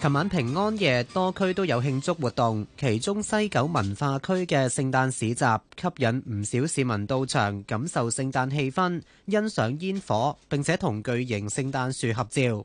琴晚平安夜，多區都有慶祝活動，其中西九文化區嘅聖誕市集吸引唔少市民到場，感受聖誕氣氛，欣賞煙火，並且同巨型聖誕樹合照。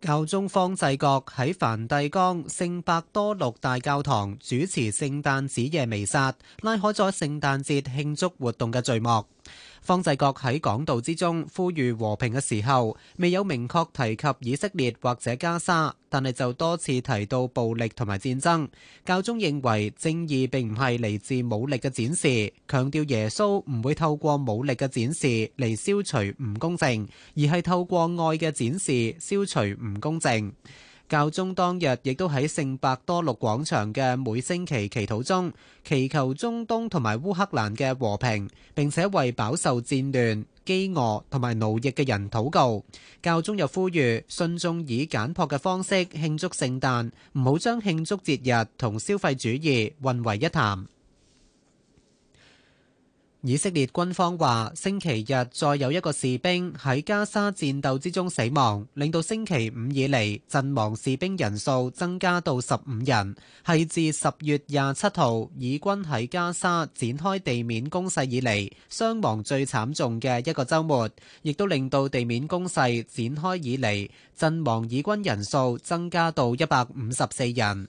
教宗方濟各喺梵蒂岡聖伯多祿大教堂主持聖誕子夜彌撒，拉開咗聖誕節慶祝活動嘅序幕。方濟各喺講道之中呼籲和平嘅時候，未有明確提及以色列或者加沙，但係就多次提到暴力同埋戰爭。教宗認為正義並唔係嚟自武力嘅展示，強調耶穌唔會透過武力嘅展示嚟消除唔公正，而係透過愛嘅展示消除唔公正。教宗當日亦都喺聖伯多祿廣場嘅每星期祈禱中，祈求中東同埋烏克蘭嘅和平，並且為飽受戰亂、飢餓同埋奴役嘅人禱告。教宗又呼籲信眾以簡樸嘅方式慶祝聖誕，唔好將慶祝節日同消費主義混為一談。以色列軍方話，星期日再有一個士兵喺加沙戰鬥之中死亡，令到星期五以嚟陣亡士兵人數增加到十五人，係自十月廿七號以軍喺加沙展開地面攻勢以嚟傷亡最慘重嘅一個周末，亦都令到地面攻勢展開以嚟陣亡以軍人數增加到一百五十四人。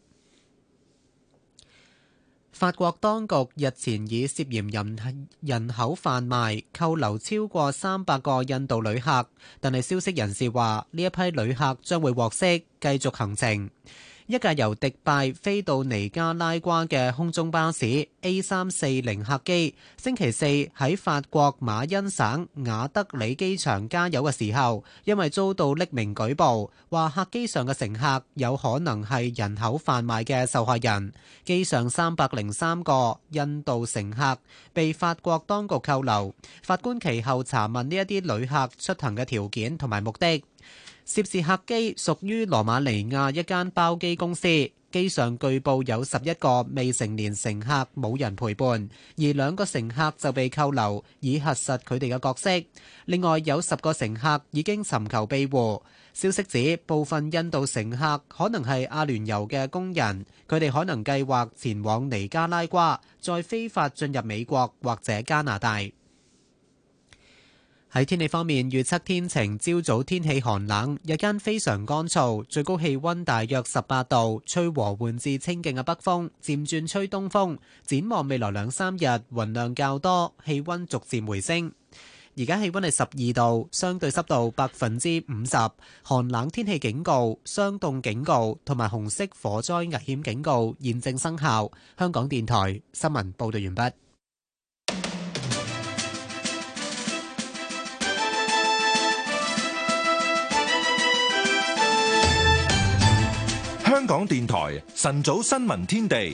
法國當局日前以涉嫌人人口販賣扣留超過三百個印度旅客，但係消息人士話，呢一批旅客將會獲釋，繼續行程。一架由迪拜飛到尼加拉瓜嘅空中巴士 A 三四零客機，星期四喺法國馬恩省雅德里機場加油嘅時候，因為遭到匿名舉報，話客機上嘅乘客有可能係人口販賣嘅受害人。機上三百零三個印度乘客被法國當局扣留，法官其後查問呢一啲旅客出行嘅條件同埋目的。涉事客機屬於羅馬尼亞一間包機公司，機上據報有十一個未成年乘客冇人陪伴，而兩個乘客就被扣留以核實佢哋嘅角色。另外有十個乘客已經尋求庇護。消息指部分印度乘客可能係阿聯酋嘅工人，佢哋可能計劃前往尼加拉瓜，再非法進入美國或者加拿大。喺天氣方面，預測天晴，朝早天氣寒冷，日間非常乾燥，最高氣溫大約十八度，吹和緩至清勁嘅北風，漸轉吹東風。展望未來兩三日，雲量較多，氣溫逐漸回升。而家氣溫係十二度，相對濕度百分之五十，寒冷天氣警告、霜凍警告同埋紅色火災危險警告現正生效。香港電台新聞報道完畢。香港電台晨早新聞天地。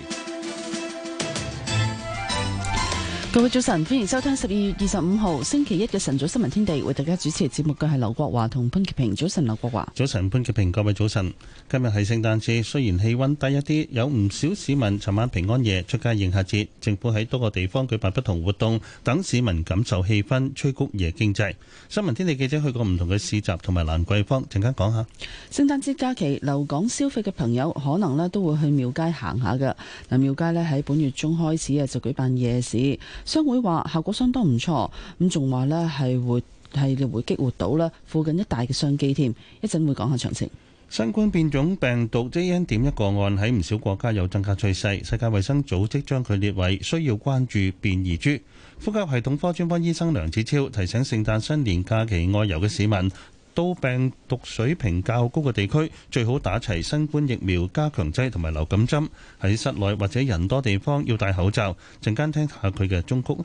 各位早晨，歡迎收聽十二月二十五號星期一嘅晨早新聞天地，為大家主持節目嘅係劉國華同潘潔平。早晨，劉國華。早晨，潘潔平。各位早晨，今日係聖誕節，雖然氣溫低一啲，有唔少市民尋晚平安夜出街應吓節。政府喺多個地方舉辦不同活動，等市民感受氣氛，催谷夜經濟。新聞天地記者去過唔同嘅市集同埋蘭桂坊，陣間講下。聖誕節假期留港消費嘅朋友，可能咧都會去廟街行下嘅。嗱，廟街咧喺本月中開始啊就舉辦夜市。商會話效果相當唔錯，咁仲話呢係會係會激活到啦，附近一帶嘅商機添。一陣會講下詳情。新冠變種病毒 JN 點一個案喺唔少國家有增加趨勢，世界衛生組織將佢列為需要關注變異株。呼吸系統科專科醫生梁子超提醒：聖誕新年假期外遊嘅市民。到病毒水平較高嘅地區最好打齊新冠疫苗加強劑同埋流感針，喺室內或者人多地方要戴口罩。陣間聽下佢嘅中曲。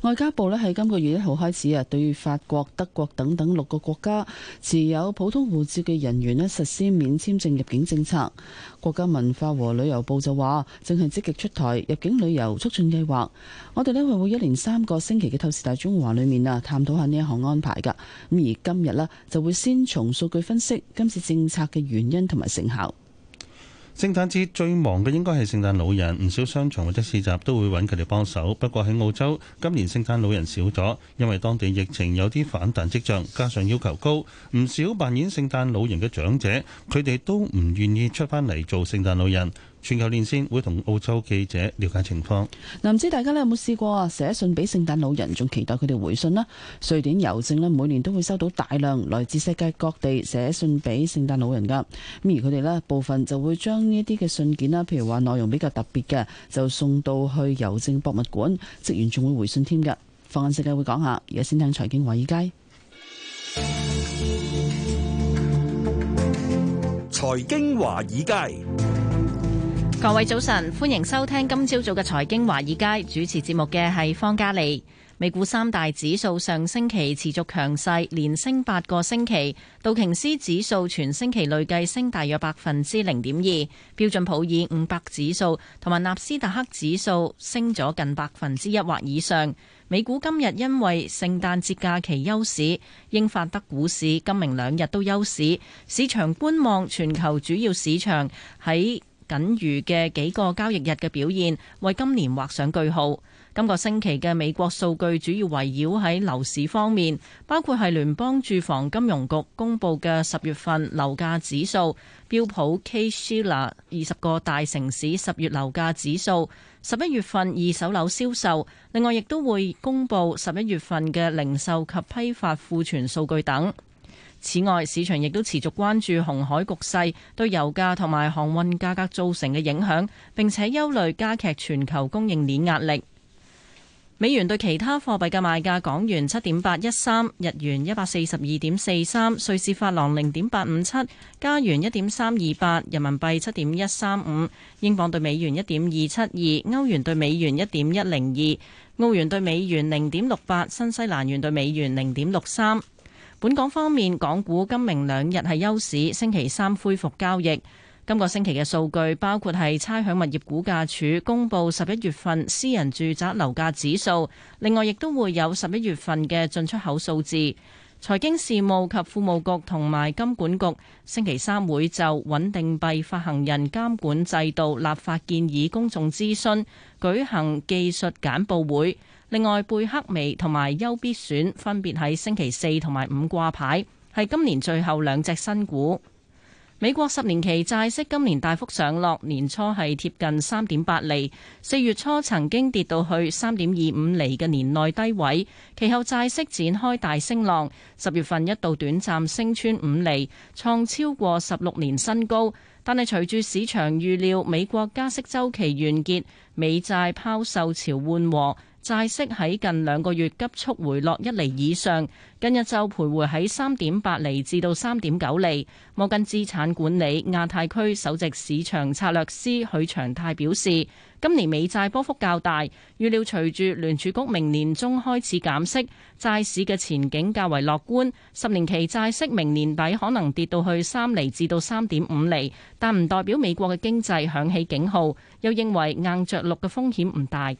外交部呢，喺今個月一號開始啊，對法國德國等等六個國家持有普通護照嘅人員呢實施免簽證入境政策。國家文化和旅遊部就話，正係積極出台入境旅遊促進計劃。我哋呢會會一連三個星期嘅透視大中華裏面啊，探討下呢一項安排噶咁而今日呢，就會先從數據分析今次政策嘅原因同埋成效。聖誕節最忙嘅應該係聖誕老人，唔少商場或者市集都會揾佢哋幫手。不過喺澳洲，今年聖誕老人少咗，因為當地疫情有啲反彈跡象，加上要求高，唔少扮演聖誕老人嘅長者，佢哋都唔願意出返嚟做聖誕老人。全球連線會同澳洲記者了解情況。嗱，唔知大家咧有冇試過寫信俾聖誕老人，仲期待佢哋回信啦？瑞典郵政咧每年都會收到大量來自世界各地寫信俾聖誕老人噶。咁而佢哋咧部分就會將呢啲嘅信件啦，譬如話內容比較特別嘅，就送到去郵政博物館，職員仲會回信添噶。放眼世界會講下，而家先聽財經華爾街。財經華爾街。各位早晨，歡迎收聽今朝早嘅財經華爾街，主持節目嘅係方嘉利。美股三大指數上星期持續強勢，連升八個星期。道瓊斯指數全星期累計升大約百分之零點二，標準普爾五百指數同埋納斯達克指數升咗近百分之一或以上。美股今日因為聖誕節假期休市，英法德股市今明兩日都休市。市場觀望全球主要市場喺僅餘嘅幾個交易日嘅表現，為今年畫上句號。今個星期嘅美國數據主要圍繞喺樓市方面，包括係聯邦住房金融局公布嘅十月份樓價指數、標普 Case-Shiller 二十個大城市十月樓價指數、十一月份二手樓銷售，另外亦都會公布十一月份嘅零售及批發庫存數據等。此外，市場亦都持續關注紅海局勢對油價同埋航運價格造成嘅影響，並且憂慮加劇全球供應鏈壓力。美元對其他貨幣嘅賣價：港元七點八一三，日元一百四十二點四三，瑞士法郎零點八五七，加元一點三二八，人民幣七點一三五，英鎊對美元一點二七二，歐元對美元一點一零二，澳元對美元零點六八，新西蘭元對美元零點六三。本港方面，港股今明兩日係休市，星期三恢復交易。今個星期嘅數據包括係差餉物業估價署公佈十一月份私人住宅樓價指數，另外亦都會有十一月份嘅進出口數字。財經事務及庫務局同埋金管局星期三會就穩定幣發行人監管制度立法建議公眾諮詢舉行技術簡報會。另外，貝克微同埋優必選分別喺星期四同埋五掛牌，係今年最後兩隻新股。美國十年期債息今年大幅上落，年初係貼近三點八厘，四月初曾經跌到去三點二五厘嘅年內低位，其後債息展開大升浪，十月份一度短暫升穿五厘，創超過十六年新高，但係隨住市場預料，美國加息週期完結，美債拋售潮緩和。債息喺近兩個月急速回落一厘以上，近日就徘徊喺三點八厘至到三點九厘。摩根資產管理亞太區首席市場策略師許長泰表示：今年美債波幅較大，預料隨住聯儲局明年中開始減息，債市嘅前景較為樂觀。十年期債息明年底可能跌到去三厘至到三點五厘，但唔代表美國嘅經濟響起警號，又認為硬着陸嘅風險唔大。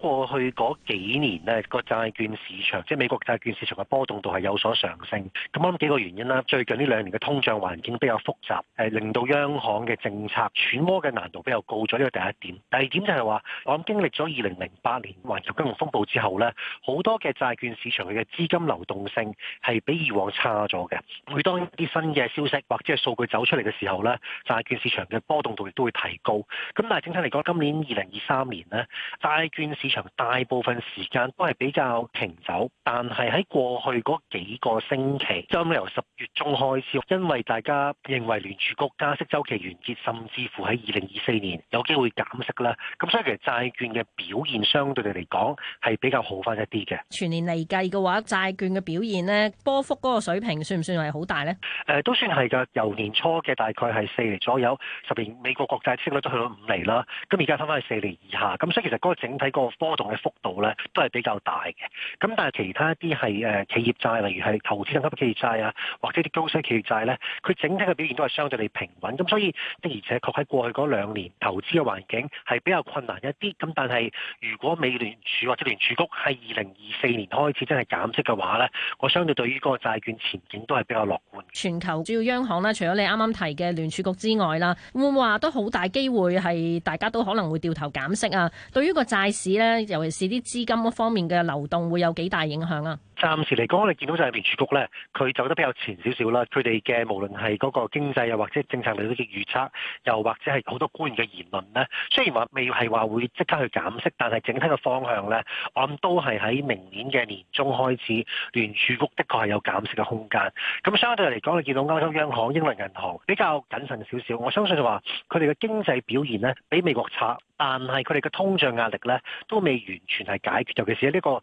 過去嗰幾年呢個債券市場，即係美國債券市場嘅波動度係有所上升。咁我諗幾個原因啦。最近呢兩年嘅通脹環境比較複雜，誒令到央行嘅政策揣摩嘅難度比較高咗，呢個第一點。第二點就係話，我諗經歷咗二零零八年環球金融風暴之後呢，好多嘅債券市場佢嘅資金流動性係比以往差咗嘅。每當一啲新嘅消息或者係數據走出嚟嘅時候呢，債券市場嘅波動度亦都會提高。咁但係整體嚟講，今年二零二三年呢，債券市場場大部分時間都係比較平走，但係喺過去嗰幾個星期，就由十月中開始，因為大家認為聯儲局加息周期完結，甚至乎喺二零二四年有機會減息啦。咁所以其實債券嘅表現相對嚟講係比較好翻一啲嘅。全年嚟計嘅話，債券嘅表現呢，波幅嗰個水平算唔算係好大呢？誒、呃，都算係噶。由年初嘅大概係四厘左右，十年美國國債息率都去到五厘啦。咁而家翻翻去四厘以下，咁所以其實嗰個整體、個。波動嘅幅度呢都係比較大嘅，咁但係其他一啲係誒企業債，例如係投資等級嘅企業債啊，或者啲高息企業債呢，佢整體嘅表現都係相對地平穩。咁所以的而且確喺過去嗰兩年投資嘅環境係比較困難一啲。咁但係如果美聯儲或者聯儲局喺二零二四年開始真係減息嘅話呢，我相對對於嗰個債券前景都係比較樂觀。全球主要央行咧，除咗你啱啱提嘅聯儲局之外啦，會唔會話都好大機會係大家都可能會掉頭減息啊？對於個債市呢。尤其是啲資金方面嘅流動會有幾大影響啊？暫時嚟講，我哋見到就係聯儲局咧，佢走得比較前少少啦。佢哋嘅無論係嗰個經濟又或者政策利率嘅預測，又或者係好多官員嘅言論咧。雖然話未係話會即刻去減息，但係整體嘅方向咧，我諗都係喺明年嘅年中開始，聯儲局的確係有減息嘅空間。咁相對嚟講，你見到歐洲央行、英倫銀行比較謹慎少少。我相信就話佢哋嘅經濟表現咧，比美國差，但係佢哋嘅通脹壓力咧都未完全係解決。尤其是呢個誒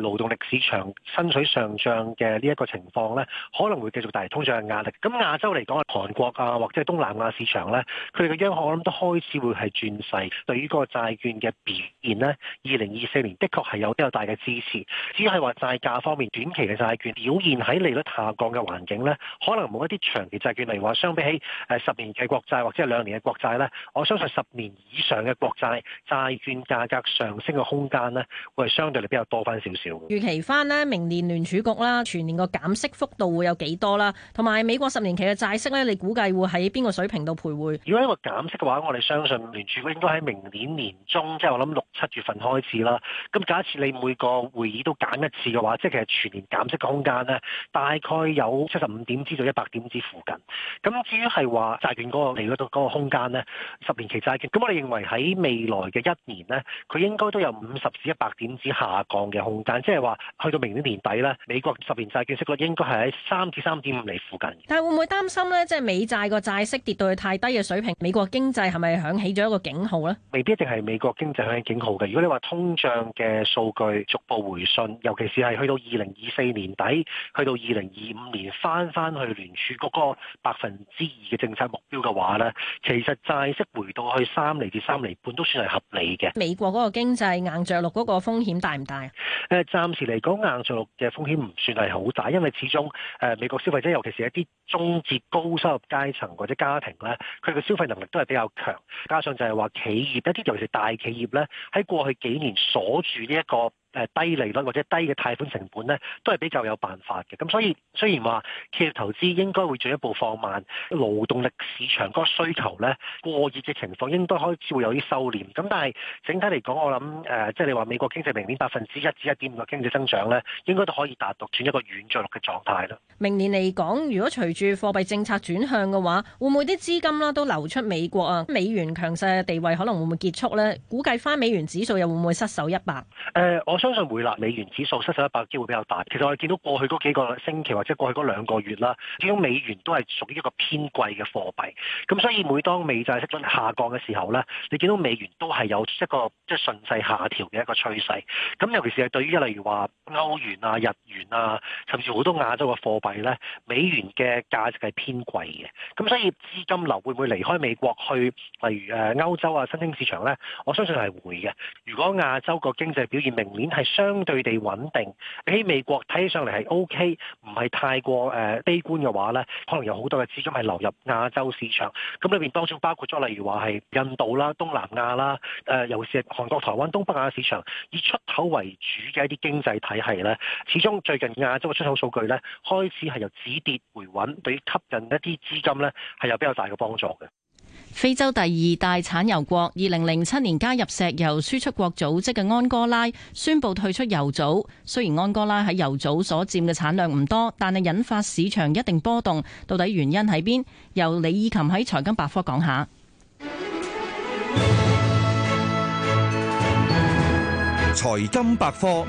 勞動力市場。薪水上漲嘅呢一個情況咧，可能會繼續帶嚟通脹嘅壓力。咁亞洲嚟講啊，韓國啊，或者係東南亞市場呢，佢哋嘅央行我諗都開始會係轉勢。對於嗰個債券嘅表現呢，二零二四年的確係有比較大嘅支持。只係話債價方面，短期嘅債券表現喺利率下降嘅環境呢，可能冇一啲長期債券，例如話相比起誒十年嘅國債或者係兩年嘅國債呢，我相信十年以上嘅國債債券價格上升嘅空間呢，會係相對嚟比較多翻少少。預期翻呢。明。年聯儲局啦，全年個減息幅度會有幾多啦？同埋美國十年期嘅債息咧，你估計會喺邊個水平度徘徊？如果一個減息嘅話，我哋相信聯儲局應該喺明年年中，即係我諗六七月份開始啦。咁假設你每個會議都減一次嘅話，即係其實全年減息嘅空間呢，大概有七十五點至到一百點子附近。咁至於係話債券嗰個嚟到嗰個空間呢，十年期債券，咁我哋認為喺未來嘅一年呢，佢應該都有五十至一百點子下降嘅空間，即係話去到明年年底咧，美國十年債券息率應該係喺三至三點五厘附近。但係會唔會擔心咧？即係美債個債息跌到去太低嘅水平，美國經濟係咪響起咗一個警號咧？未必一定係美國經濟響起警號嘅。如果你話通脹嘅數據逐步回順，尤其是係去到二零二四年底，去到二零二五年返返去聯儲局個百分之二嘅政策目標嘅話咧，其實債息回到去三厘至三厘半都算係合理嘅。美國嗰個經濟硬着陸嗰個風險大唔大？誒，暫時嚟講硬着陸嘅風險唔算係好大，因為始終誒美國消費者，尤其是一啲中至高收入階層或者家庭咧，佢嘅消費能力都係比較強，加上就係話企業一啲尤其是大企業咧，喺過去幾年鎖住呢、這、一個。誒低利率或者低嘅貸款成本咧，都係比較有辦法嘅。咁所以雖然話企業投資應該會進一步放慢，勞動力市場嗰個需求咧過熱嘅情況應該開始會有啲收斂。咁但係整體嚟講，我諗誒，即係你話美國經濟明年百分之一至一點五嘅經濟增長咧，應該都可以達到轉一個軟著陸嘅狀態咯。明年嚟講，如果隨住貨幣政策轉向嘅話，會唔會啲資金啦都流出美國啊？美元強勢嘅地位可能會唔會結束咧？估計返美元指數又會唔會失守一百？誒，我。相信會啦，美元指數失守一百機會比較大。其實我哋見到過去嗰幾個星期或者過去嗰兩個月啦，見到美元都係屬於一個偏貴嘅貨幣。咁所以每當美債息率下降嘅時候呢，你見到美元都係有一個即係順勢下調嘅一個趨勢。咁尤其是係對於例如話歐元啊、日元啊，甚至好多亞洲嘅貨幣呢，美元嘅價值係偏貴嘅。咁所以資金流會唔會離開美國去例如誒歐洲啊、新興市場呢，我相信係會嘅。如果亞洲個經濟表現明年，係相對地穩定，喺美國睇起上嚟係 OK，唔係太過誒悲觀嘅話呢，可能有好多嘅資金係流入亞洲市場，咁裏面當中包括咗例如話係印度啦、東南亞啦、誒、呃、尤其是韓國、台灣、東北亞市場，以出口為主嘅一啲經濟體系呢，呢始終最近亞洲嘅出口數據呢，開始係由止跌回穩，對於吸引一啲資金呢，係有比較大嘅幫助嘅。非洲第二大產油國，二零零七年加入石油輸出國組織嘅安哥拉宣布退出油組。雖然安哥拉喺油組所佔嘅產量唔多，但係引發市場一定波動。到底原因喺邊？由李以琴喺財金百科講下。財金百科。講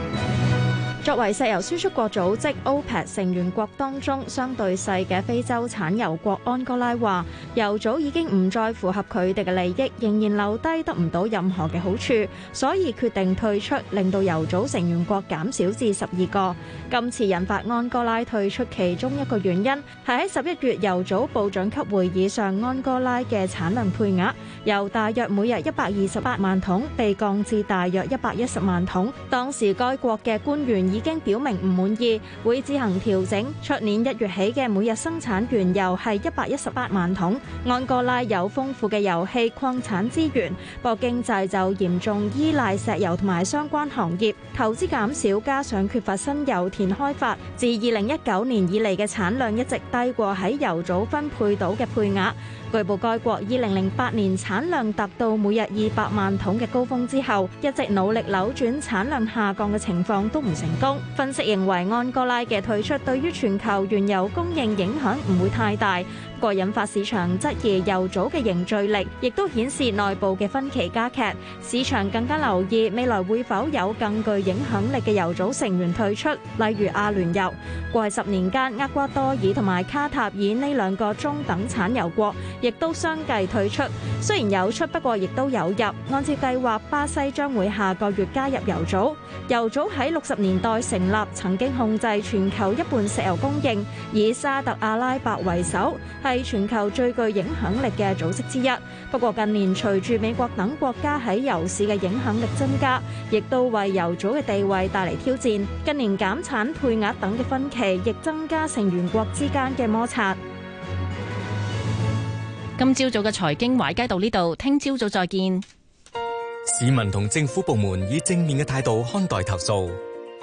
作為石油輸出國組織 OPEC 成員國當中相對細嘅非洲產油國安哥拉話，油組已經唔再符合佢哋嘅利益，仍然留低得唔到任何嘅好處，所以決定退出，令到油組成員國減少至十二個。今次引發安哥拉退出其中一個原因，係喺十一月油組部長級會議上，安哥拉嘅產量配額由大約每日一百二十八萬桶被降至大約一百一十萬桶。當時該國嘅官員，已經表明唔滿意，會自行調整。出年一月起嘅每日生產原油係一百一十八萬桶。安哥拉有豐富嘅油氣礦產資源，博經濟就嚴重依賴石油同埋相關行業。投資減少，加上缺乏新油田開發，自二零一九年以嚟嘅產量一直低過喺油組分配到嘅配額。據報，該國二零零八年產量達到每日二百萬桶嘅高峰之後，一直努力扭轉產量下降嘅情況都唔成功。分析認為，安哥拉嘅退出對於全球原油供應影響唔會太大。個引發市場質疑油組嘅凝聚力，亦都顯示內部嘅分歧加劇。市場更加留意未來會否有更具影響力嘅油組成員退出，例如阿聯酋。過去十年間，厄瓜多爾同埋卡塔爾呢兩個中等產油國，亦都相繼退出。雖然有出，不過亦都有入。按照計劃，巴西將會下個月加入油組。油組喺六十年代成立，曾經控制全球一半石油供應，以沙特阿拉伯為首。係全球最具影響力嘅組織之一，不過近年隨住美國等國家喺油市嘅影響力增加，亦都為油組嘅地位帶嚟挑戰。近年減產配額等嘅分歧，亦增加成員國之間嘅摩擦。今朝早嘅財經華爾街到呢度，聽朝早再見。市民同政府部門以正面嘅態度看待投訴，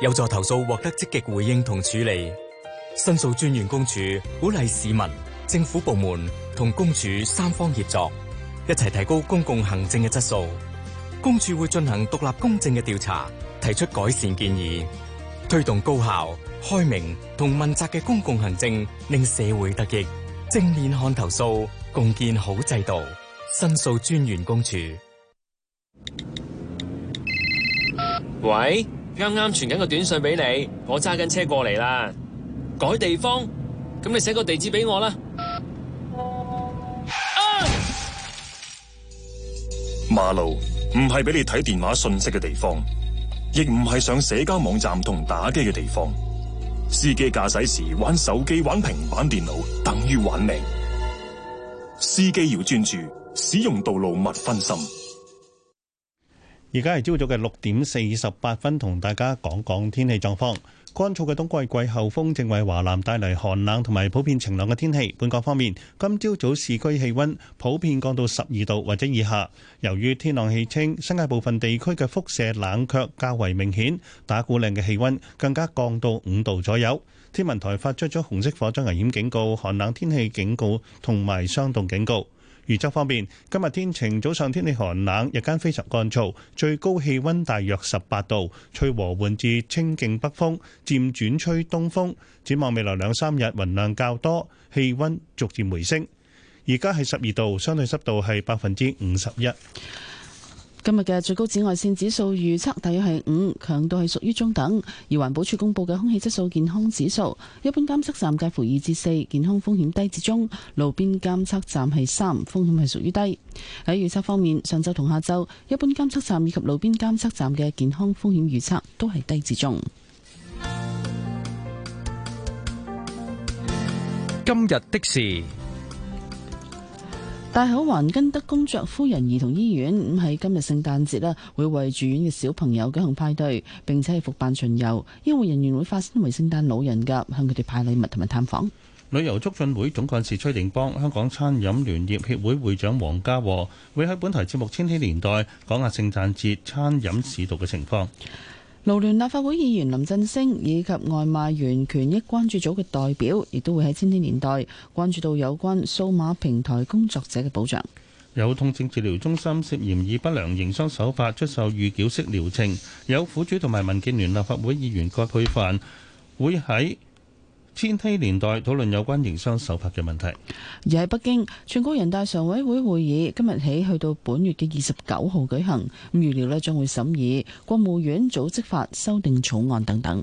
有助投訴獲得積極回應同處理。申訴專員公署鼓勵市民、政府部門同公署三方協作，一齊提高公共行政嘅質素。公署會進行獨立公正嘅調查，提出改善建議，推動高效、開明同問責嘅公共行政，令社會得益。正面看投訴，共建好制度。申訴專員公署。喂，啱啱傳緊個短信俾你，我揸緊車過嚟啦。改地方，咁你寫個地址俾我啦。馬路唔係俾你睇電話信息嘅地方，亦唔係上社交網站同打機嘅地方。司機駕駛時玩手機、玩平板電腦，等於玩命。司機要專注，使用道路勿分心。而家係朝早嘅六點四十八分，同大家講講天氣狀況。乾燥嘅冬季季候風正為華南帶嚟寒冷同埋普遍晴朗嘅天氣。本港方面，今朝早市區氣温普遍降到十二度或者以下。由於天朗氣清，新界部分地區嘅輻射冷卻較為明顯，打鼓嶺嘅氣温更加降到五度左右。天文台發出咗紅色火災危險警告、寒冷天氣警告同埋霜凍警告。預測方面，今日天晴，早上天氣寒冷，日間非常乾燥，最高氣溫大約十八度，吹和緩至清勁北風，漸轉吹東風。展望未來兩三日，雲量較多，氣溫逐漸回升。而家係十二度，相對濕度係百分之五十一。今日嘅最高紫外線指數預測大約係五，強度係屬於中等。而環保署公布嘅空氣質素健康指數，一般監測站介乎二至四，健康風險低至中；路邊監測站係三，風險係屬於低。喺預測方面，上晝同下晝，一般監測站以及路邊監測站嘅健康風險預測都係低至中。今日的事。大口環根德公爵夫人兒童醫院咁喺今日聖誕節啦，會為住院嘅小朋友舉行派對，並且係復辦巡遊，醫護人員會化身為聖誕老人噶，向佢哋派禮物同埋探訪。旅遊促進會總幹事崔定邦、香港餐飲聯業協會會,會長黃家和會喺本台節目《千禧年代》講下聖誕節餐飲市道嘅情況。勞聯立法會議員林振升以及外賣員權益關注組嘅代表，亦都會喺千禧年代關注到有關數碼平台工作者嘅保障。有痛症治療中心涉嫌以不良營商手法出售預繳式療程，有苦主同埋民建聯立法會議員郭佩凡會喺。千禧年代討論有關營商手法嘅問題，而喺北京，全國人大常委會會議今日起去到本月嘅二十九號舉行，咁預料咧將會審議《國務院組織法》修訂草案等等。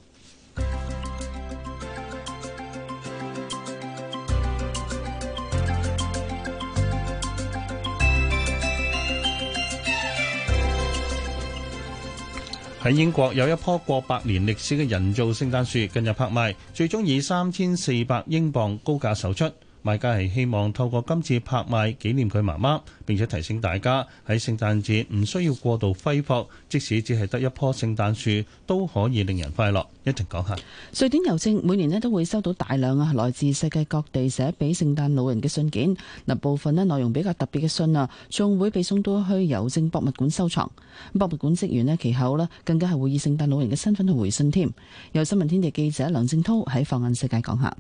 喺英國有一棵過百年歷史嘅人造聖誕樹，近日拍賣，最終以三千四百英鎊高價售出。賣家係希望透過今次拍賣紀念佢媽媽，並且提醒大家喺聖誕節唔需要過度揮霍，即使只係得一棵聖誕樹都可以令人快樂。一齊講下。瑞典郵政每年咧都會收到大量啊來自世界各地寫俾聖誕老人嘅信件，嗱部分咧內容比較特別嘅信啊，仲會被送到去郵政博物館收藏。博物館職員呢，其後咧更加係會以聖誕老人嘅身份去回信添。有新聞天地記者梁正濤喺放眼世界講下。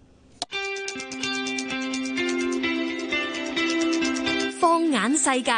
眼世界。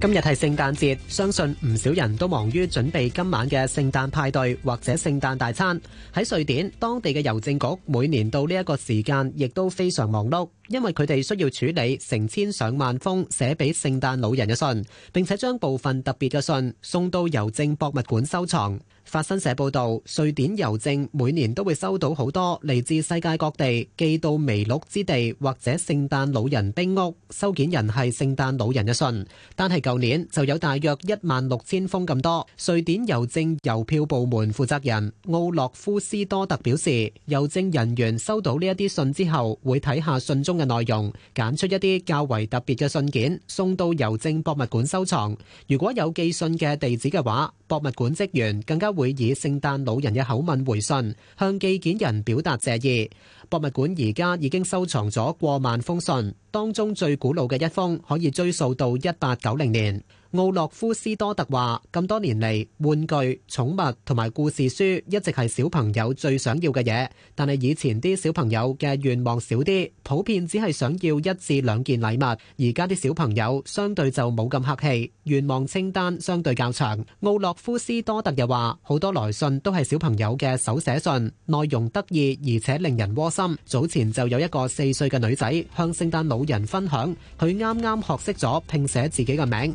今日係聖誕節，相信唔少人都忙於準備今晚嘅聖誕派對或者聖誕大餐。喺瑞典，當地嘅郵政局每年到呢一個時間，亦都非常忙碌，因為佢哋需要處理成千上萬封寫俾聖誕老人嘅信，並且將部分特別嘅信送到郵政博物館收藏。法新社報導，瑞典郵政每年都會收到好多嚟自世界各地寄到麋鹿之地或者聖誕老人冰屋，收件人係聖誕老人嘅信，但係舊年就有大約一萬六千封咁多。瑞典郵政郵票部門負責人奧洛夫斯多特表示，郵政人員收到呢一啲信之後，會睇下信中嘅內容，揀出一啲較為特別嘅信件送到郵政博物館收藏。如果有寄信嘅地址嘅話，博物館職員更加，會以聖誕老人嘅口吻回信，向寄件人表達謝意。博物館而家已經收藏咗過萬封信，當中最古老嘅一封可以追溯到一八九零年。。奧洛夫斯多特話：咁多年嚟，玩具、寵物同埋故事書一直係小朋友最想要嘅嘢，但係以前啲小朋友嘅願望少啲，普遍只係想要一至兩件禮物。而家啲小朋友相對就冇咁客氣，願望清單相對較長。奧洛夫斯多特又話：好多來信都係小朋友嘅手寫信，內容得意而且令人窩心。早前就有一個四歲嘅女仔向聖誕老人分享，佢啱啱學識咗拼寫自己嘅名。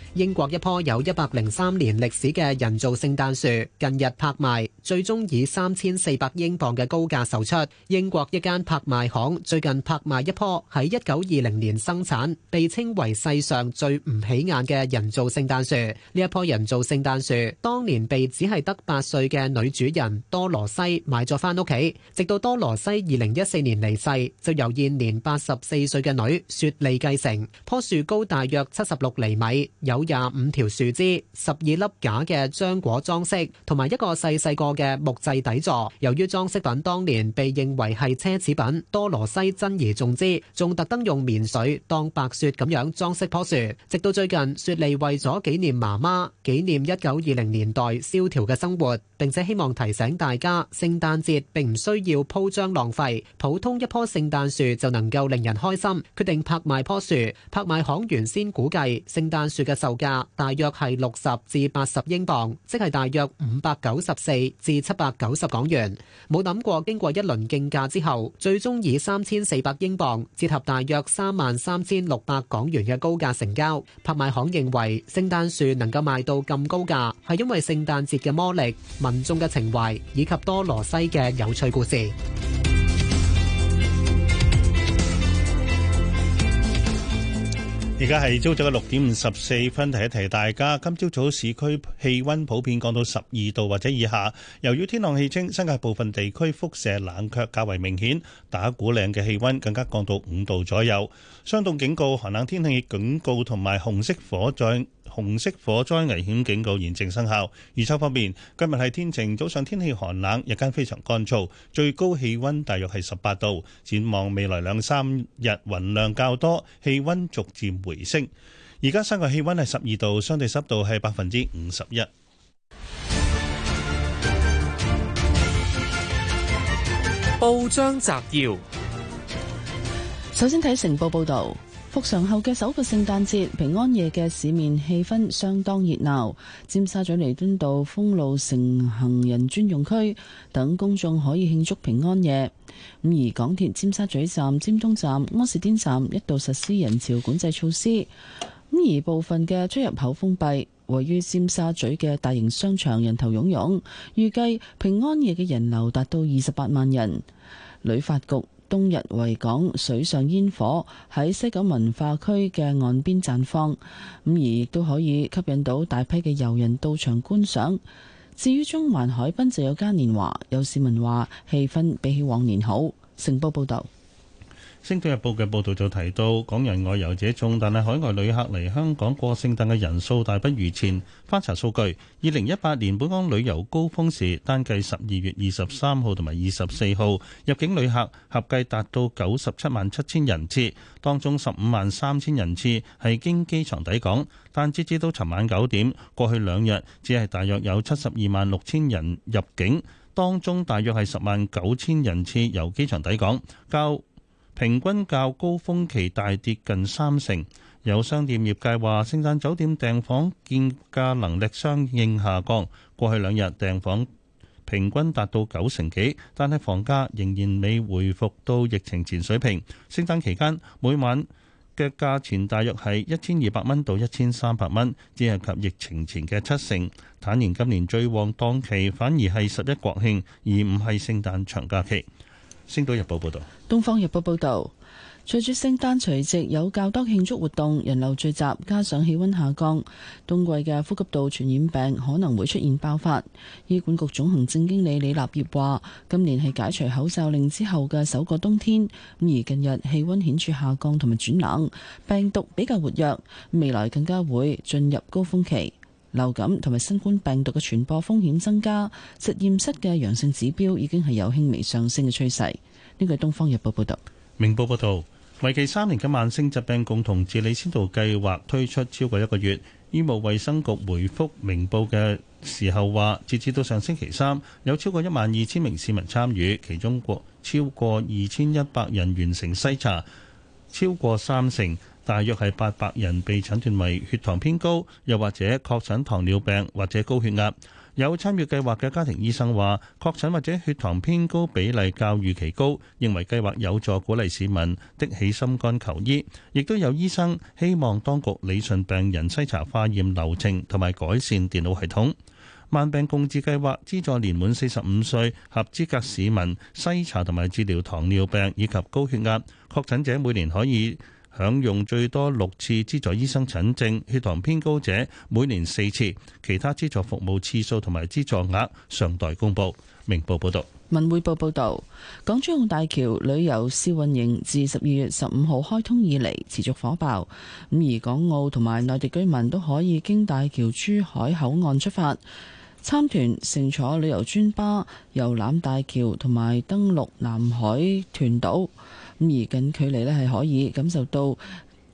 英國一棵有一百零三年歷史嘅人造聖誕樹近日拍賣，最終以三千四百英鎊嘅高價售出。英國一間拍賣行最近拍賣一棵喺一九二零年生產，被稱為世上最唔起眼嘅人造聖誕樹。呢一棵人造聖誕樹當年被只係得八歲嘅女主人多羅西買咗翻屋企，直到多羅西二零一四年離世，就由現年八十四歲嘅女雪莉繼承。棵樹高大約七十六厘米，有廿五條樹枝、十二粒假嘅漿果裝飾，同埋一個細細個嘅木製底座。由於裝飾品當年被認為係奢侈品，多羅西珍而重之，仲特登用棉水當白雪咁樣裝飾棵樹。直到最近，雪莉為咗紀念媽媽、紀念一九二零年代蕭條嘅生活，並且希望提醒大家，聖誕節並唔需要鋪張浪費，普通一棵聖誕樹就能夠令人開心，決定拍賣棵樹。拍賣行原先估計聖誕樹嘅售價大約係六十至八十英鎊，即係大約五百九十四至七百九十港元。冇諗過經過一輪競價之後，最終以三千四百英鎊，折合大約三萬三千六百港元嘅高價成交。拍賣行認為，聖誕樹能夠賣到咁高價，係因為聖誕節嘅魔力、民眾嘅情懷以及多羅西嘅有趣故事。而家係朝早嘅六點五十四分，提一提大家。今朝早，早市區氣溫普遍降到十二度或者以下，由於天朗氣清，新界部分地區輻射冷卻較為明顯，打鼓嶺嘅氣溫更加降到五度左右。霜凍警告、寒冷天氣警告同埋紅色火災。紅色火災危險警告現正生效。預測方面，今日係天晴，早上天氣寒冷，日間非常乾燥，最高氣温大約係十八度。展望未來兩三日，雲量較多，氣温逐漸回升。而家室外氣温係十二度，相對濕度係百分之五十一。報章摘要：首先睇《成報》報道。復常後嘅首個聖誕節平安夜嘅市面氣氛相當熱鬧，尖沙咀彌敦道、封路，成行人專用區等公眾可以慶祝平安夜。咁而港鐵尖沙咀站、尖東站、柯士甸站，一度實施人潮管制措施，咁而部分嘅出入口封閉。位於尖沙咀嘅大型商場人頭湧湧，預計平安夜嘅人流達到二十八萬人。旅發局。冬日維港水上煙火喺西九文化區嘅岸邊綻放，咁而亦都可以吸引到大批嘅遊人到場觀賞。至於中環海濱就有嘉年華，有市民話氣氛比起往年好。成報報道。《星島日報》嘅報導就提到，港人外遊者眾，但係海外旅客嚟香港過聖誕嘅人數大不如前。翻查數據，二零一八年本港旅遊高峰時，單計十二月二十三號同埋二十四號入境旅客合計達到九十七萬七千人次，當中十五萬三千人次係經機場抵港。但截至到尋晚九點，過去兩日只係大約有七十二萬六千人入境，當中大約係十萬九千人次由機場抵港。交平均較高峰期大跌近三成，有商店業界話聖誕酒店訂房見價能力相應下降。過去兩日訂房平均達到九成幾，但係房價仍然未回復到疫情前水平。聖誕期間每晚嘅價錢大約係一千二百蚊到一千三百蚊，只係及疫情前嘅七成。坦言今年最旺檔期反而係十一國慶，而唔係聖誕長假期。星島日報報道，東方日報報道，隨住聖誕除夕有較多慶祝活動，人流聚集，加上氣溫下降，冬季嘅呼吸道傳染病可能會出現爆發。醫管局總行政經理李立業話：今年係解除口罩令之後嘅首個冬天，而近日氣溫顯著下降，同埋轉冷，病毒比較活躍，未來更加會進入高峰期。流感同埋新冠病毒嘅傳播風險增加，實驗室嘅陽性指標已經係有輕微上升嘅趨勢。呢個係《東方日報》報道，《明報》報道，為期三年嘅慢性疾病共同治理先導計劃推出超過一個月，醫務衛生局回覆明報嘅時候話，截至到上星期三，有超過一萬二千名市民參與，其中過超過二千一百人完成篩查，超過三成。大約係八百人被診斷為血糖偏高，又或者確診糖尿病或者高血壓。有參與計劃嘅家庭醫生話，確診或者血糖偏高比例較預期高，認為計劃有助鼓勵市民的起心肝求醫。亦都有醫生希望當局理順病人篩查化驗流程同埋改善電腦系統。慢病共治計劃資助年滿四十五歲合資格市民篩查同埋治療糖尿病以及高血壓確診者，每年可以享用最多六次資助醫生診症，血糖偏高者每年四次，其他資助服務次數同埋資助額尚待公布。明報報道，文匯報報道，港珠澳大橋旅遊試運營自十二月十五號開通以嚟，持續火爆，咁而港澳同埋內地居民都可以經大橋珠海口岸出發參團，乘坐旅遊專專巴遊覽大橋同埋登陸南海羣島。咁而近距離咧係可以感受到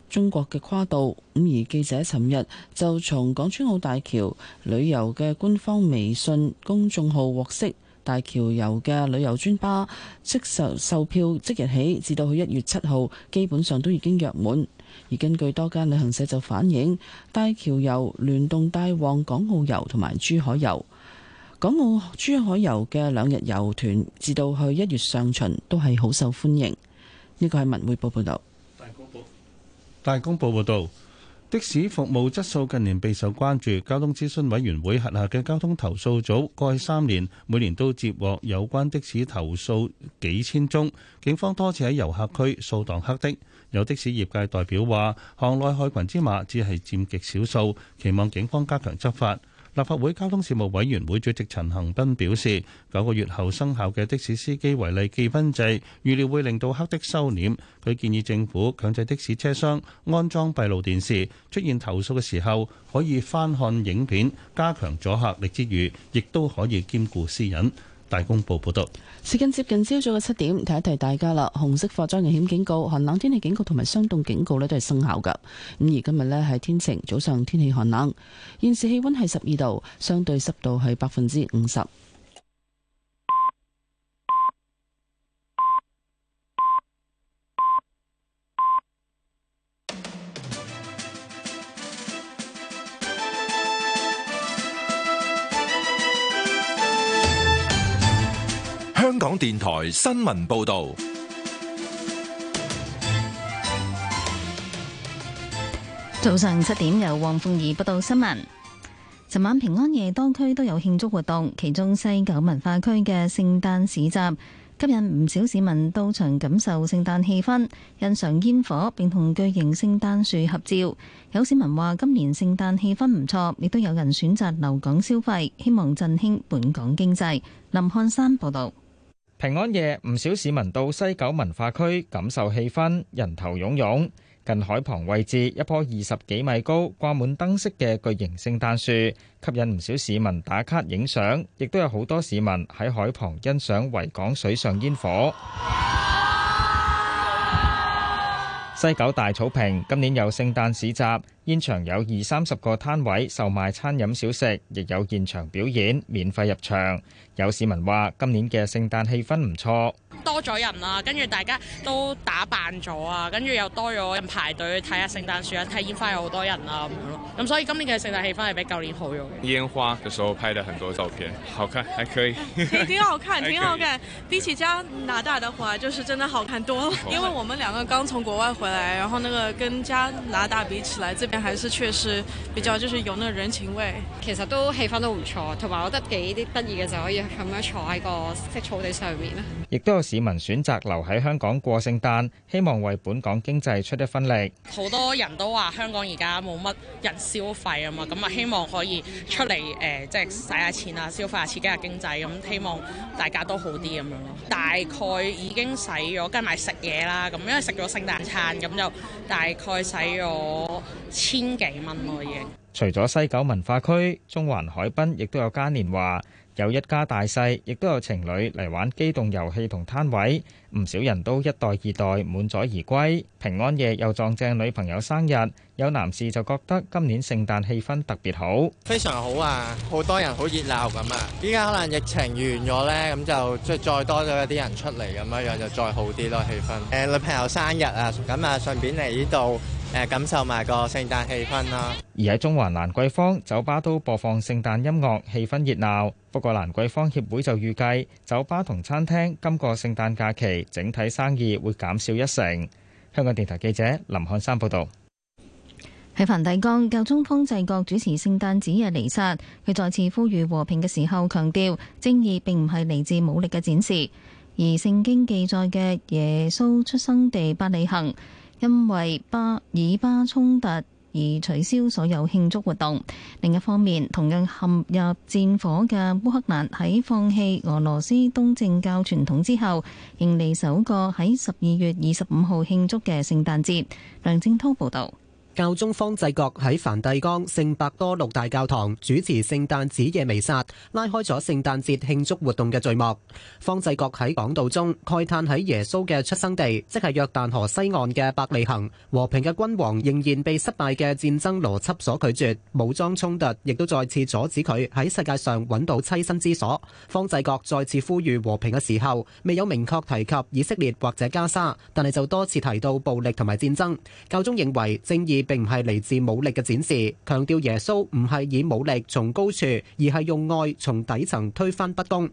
中國嘅跨度。咁而記者尋日就從港珠澳大橋旅遊嘅官方微信公眾號獲悉，大橋遊嘅旅遊專巴即售售票，即日起至到去一月七號，基本上都已經約滿。而根據多間旅行社就反映，大橋遊聯動帶旺港澳遊同埋珠海遊，港澳珠海遊嘅兩日遊團至到去一月上旬都係好受歡迎。呢個係文匯報報道。大公報大公報報道，的士服務質素近年備受關注。交通諮詢委員會轄下嘅交通投訴組過去三年每年都接獲有關的士投訴幾千宗。警方多次喺遊客區掃蕩黑的，有的士業界代表話，行內害群之馬只係佔極少數，期望警方加強執法。立法會交通事務委員會主席陳恒斌表示，九個月後生效嘅的，的士司機違例記分制，預料會令到黑的收斂。佢建議政府強制的士車廂安裝閉路電視，出現投訴嘅時候可以翻看影片，加強阻嚇力之餘，亦都可以兼顧私隱。大公報報道，時間接近朝早嘅七點，提一提大家啦。紅色火災危險警告、寒冷天氣警告同埋霜凍警告咧，都係生效噶。咁而今日咧係天晴，早上天氣寒冷，現時氣溫係十二度，相對濕度係百分之五十。香港電台新聞報道，早上七點由黃鳳儀報道新聞。尋晚平安夜，多區都有慶祝活動，其中西九文化區嘅聖誕市集吸引唔少市民到場感受聖誕氣氛，欣賞煙火，並同巨型聖誕樹合照。有市民話今年聖誕氣氛唔錯，亦都有人選擇留港消費，希望振興本港經濟。林漢山報道。平安夜，唔少市民到西九文化區感受氣氛，人頭湧湧，近海旁位置，一棵二十幾米高、掛滿燈飾嘅巨型聖誕樹吸引唔少市民打卡影相。亦都有好多市民喺海旁欣賞維港水上煙火。 西九大草坪今年有聖誕市集。現場有二三十個攤位售賣餐飲小食，亦有現場表演，免費入場。有市民話：今年嘅聖誕氣氛唔錯，多咗人啦，跟住大家都打扮咗啊，跟住又多咗人排隊睇下聖誕樹啊，睇煙花有好多人啦咁樣咯。咁所以今年嘅聖誕氣氛係比舊年好咗嘅。煙花嘅時候拍得很多照片，好看，還可以，挺挺好看，挺好看。比起加拿大嘅話，就是真的好看多了，因為我們兩個剛從國外回來，然後那個跟加拿大比起來這，這邊還是確實比較，就是有啲人情味。其實都氣氛都唔錯，同埋我覺得幾啲得意嘅，就可以咁樣坐喺個草地上面啦。亦都有市民選擇留喺香港過聖誕，希望為本港經濟出一分力。好多人都話香港而家冇乜人消費啊嘛，咁啊希望可以出嚟，誒，即係使下錢啦，消費下，自己嘅經濟。咁希望大家都好啲咁樣咯。大概已經使咗跟埋食嘢啦，咁因為食咗聖誕餐，咁就大概使咗。千幾蚊喎已經。除咗西九文化區，中環海濱亦都有嘉年華，有一家大細，亦都有情侶嚟玩機動遊戲同攤位，唔少人都一袋二袋滿載而歸。平安夜又撞正女朋友生日，有男士就覺得今年聖誕氣氛特別好，非常好啊！好多人好熱鬧咁啊！依家可能疫情完咗呢，咁就即係再多咗一啲人出嚟咁樣，就再好啲咯氣氛。誒女朋友生日啊，咁啊順便嚟呢度。誒，感受埋個聖誕氣氛啦！而喺中環蘭桂坊酒吧都播放聖誕音樂，氣氛熱鬧。不過蘭桂坊協會就預計，酒吧同餐廳今個聖誕假期整體生意會減少一成。香港電台記者林漢山報道。喺梵蒂岡，教宗方濟各主持聖誕節日彌撒。佢再次呼籲和平嘅時候強調，強調正義並唔係嚟自武力嘅展示，而聖經記載嘅耶穌出生地伯利恆。」因為巴以巴衝突而取消所有慶祝活動。另一方面，同樣陷入戰火嘅烏克蘭喺放棄俄羅斯東正教傳統之後，迎嚟首個喺十二月二十五號慶祝嘅聖誕節。梁正滔報導。教宗方濟各喺梵蒂岡聖伯多禄大教堂主持聖誕子夜彌撒，拉開咗聖誕節慶祝活動嘅序幕。方濟各喺講道中慨嘆喺耶穌嘅出生地，即係約旦河西岸嘅伯利恒，和平嘅君王仍然被失敗嘅戰爭邏輯所拒絕，武裝衝突亦都再次阻止佢喺世界上搵到棲身之所。方濟各再次呼籲和平嘅時候，未有明確提及以色列或者加沙，但係就多次提到暴力同埋戰爭。教宗認為正義。並唔係嚟自武力嘅展示，強調耶穌唔係以武力從高處，而係用愛從底層推翻不公。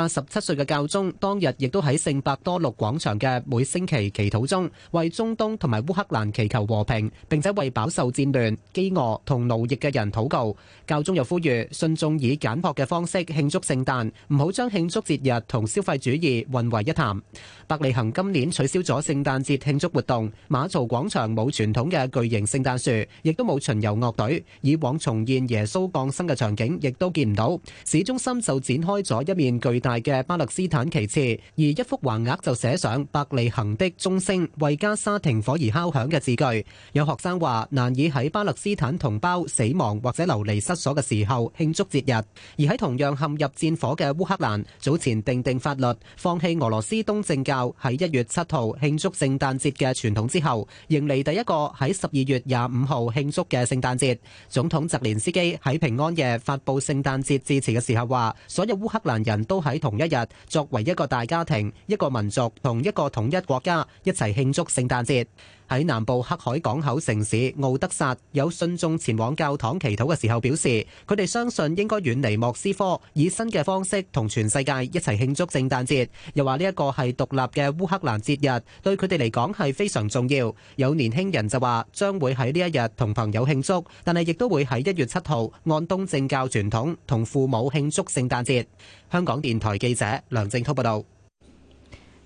八十七歲嘅教宗當日亦都喺聖伯多祿廣場嘅每星期祈禱中，為中東同埋烏克蘭祈求和平，並且為飽受戰亂、飢餓同奴役嘅人禱告。教宗又呼籲信眾以簡樸嘅方式慶祝聖誕，唔好將慶祝節日同消費主義混為一談。伯利恆今年取消咗聖誕節慶祝活動，馬槽廣場冇傳統嘅巨型聖誕樹，亦都冇巡遊樂隊，以往重現耶穌降生嘅場景亦都見唔到。市中心就展開咗一面巨大嘅巴勒斯坦旗幟，而一幅橫額就寫上“伯利恆的鐘聲為加沙停火而敲響”嘅字句。有學生話難以喺巴勒斯坦同胞死亡或者流離失所嘅時候慶祝節日，而喺同樣陷入戰火嘅烏克蘭，早前訂定法律放棄俄羅斯東正教喺一月七號慶祝聖誕節嘅傳統之後，迎嚟第一個喺十二月廿五號慶祝嘅聖誕節。總統澤連斯基喺平安夜發佈聖誕節致辭嘅時候話，所有烏克蘭人都係。喺同一日，作為一個大家庭，一個民族，同一個統一國家，一齊慶祝聖誕節。喺南部黑海港口城市敖德薩，有信眾前往教堂祈禱嘅時候表示，佢哋相信應該遠離莫斯科，以新嘅方式同全世界一齊慶祝聖誕節。又話呢一個係獨立嘅烏克蘭節日，對佢哋嚟講係非常重要。有年輕人就話將會喺呢一日同朋友慶祝，但係亦都會喺一月七號按東正教傳統同父母慶祝聖誕節。香港電台記者梁正濤報道。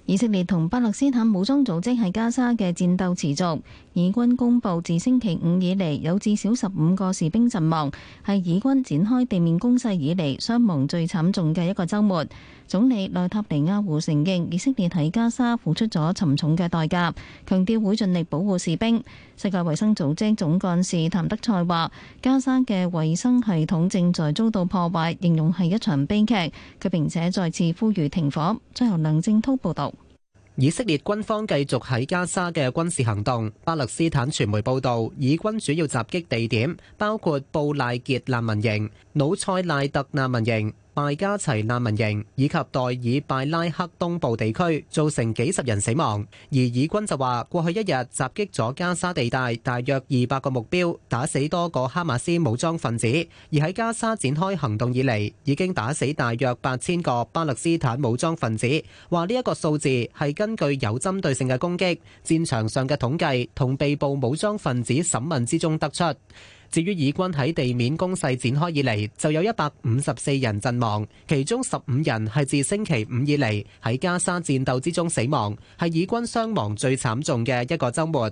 以色列同巴勒斯坦武裝組織喺加沙嘅戰鬥持續。以軍公布自星期五以嚟有至少十五個士兵陣亡，係以軍展開地面攻勢以嚟傷亡最慘重嘅一個周末。總理內塔尼亞胡承認以色列喺加沙付出咗沉重嘅代價，強調會盡力保護士兵。世界衛生組織總幹事譚德賽話：加沙嘅衛生系統正在遭到破壞，形容係一場悲劇。佢並且再次呼籲停火。最後梁正濤報道。以色列軍方繼續喺加沙嘅軍事行動。巴勒斯坦傳媒報道，以軍主要襲擊地點包括布賴傑難民營、魯塞賴特難民營拜加齊難民營以及代爾拜拉克東部地區造成幾十人死亡，而以軍就話過去一日襲擊咗加沙地帶大約二百個目標，打死多個哈馬斯武裝分子。而喺加沙展開行動以嚟，已經打死大約八千個巴勒斯坦武裝分子，話呢一個數字係根據有針對性嘅攻擊、戰場上嘅統計同被捕武裝分子審問之中得出。至於以軍喺地面攻勢展開以嚟，就有一百五十四人陣亡，其中十五人係自星期五以嚟喺加沙戰鬥之中死亡，係以軍傷亡最慘重嘅一個週末。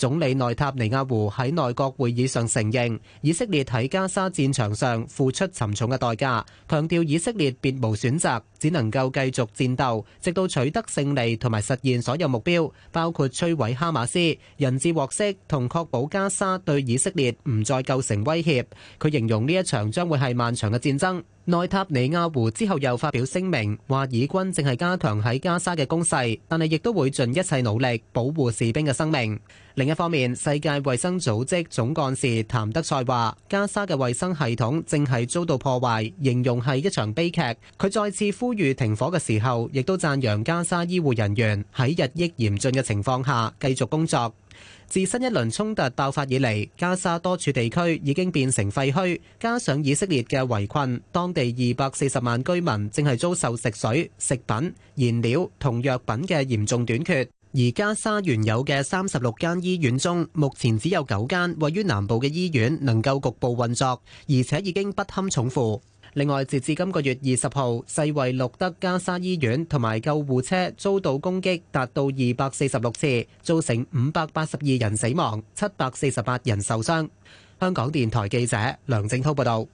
總理內塔尼亞胡喺內閣會議上承認，以色列喺加沙戰場上付出沉重嘅代價，強調以色列別無選擇，只能夠繼續戰鬥，直到取得勝利同埋實現所有目標，包括摧毀哈馬斯、人質獲釋同確保加沙對以色列唔再構成威脅。佢形容呢一場將會係漫長嘅戰爭。內塔尼亞胡之後又發表聲明，話以軍正係加強喺加沙嘅攻勢，但係亦都會盡一切努力保護士兵嘅生命。另一方面，世界衛生組織總幹事譚德塞話，加沙嘅衛生系統正係遭到破壞，形容係一場悲劇。佢再次呼籲停火嘅時候，亦都讚揚加沙醫護人員喺日益嚴峻嘅情況下繼續工作。自新一輪充斗盜發以來，加沙多處地區已經變成廢墟，加上以色列嘅圍困，當地二百四十萬居民正係遭受食水、食品、燃料同藥品嘅嚴重短缺。而加沙原有嘅三十六間醫院中，目前只有九間位於南部嘅醫院能夠局部運作，而且已經不堪重負。另外，截至今個月二十號，世衛錄得加沙醫院同埋救護車遭到攻擊，達到二百四十六次，造成五百八十二人死亡、七百四十八人受傷。香港電台記者梁正滔報導。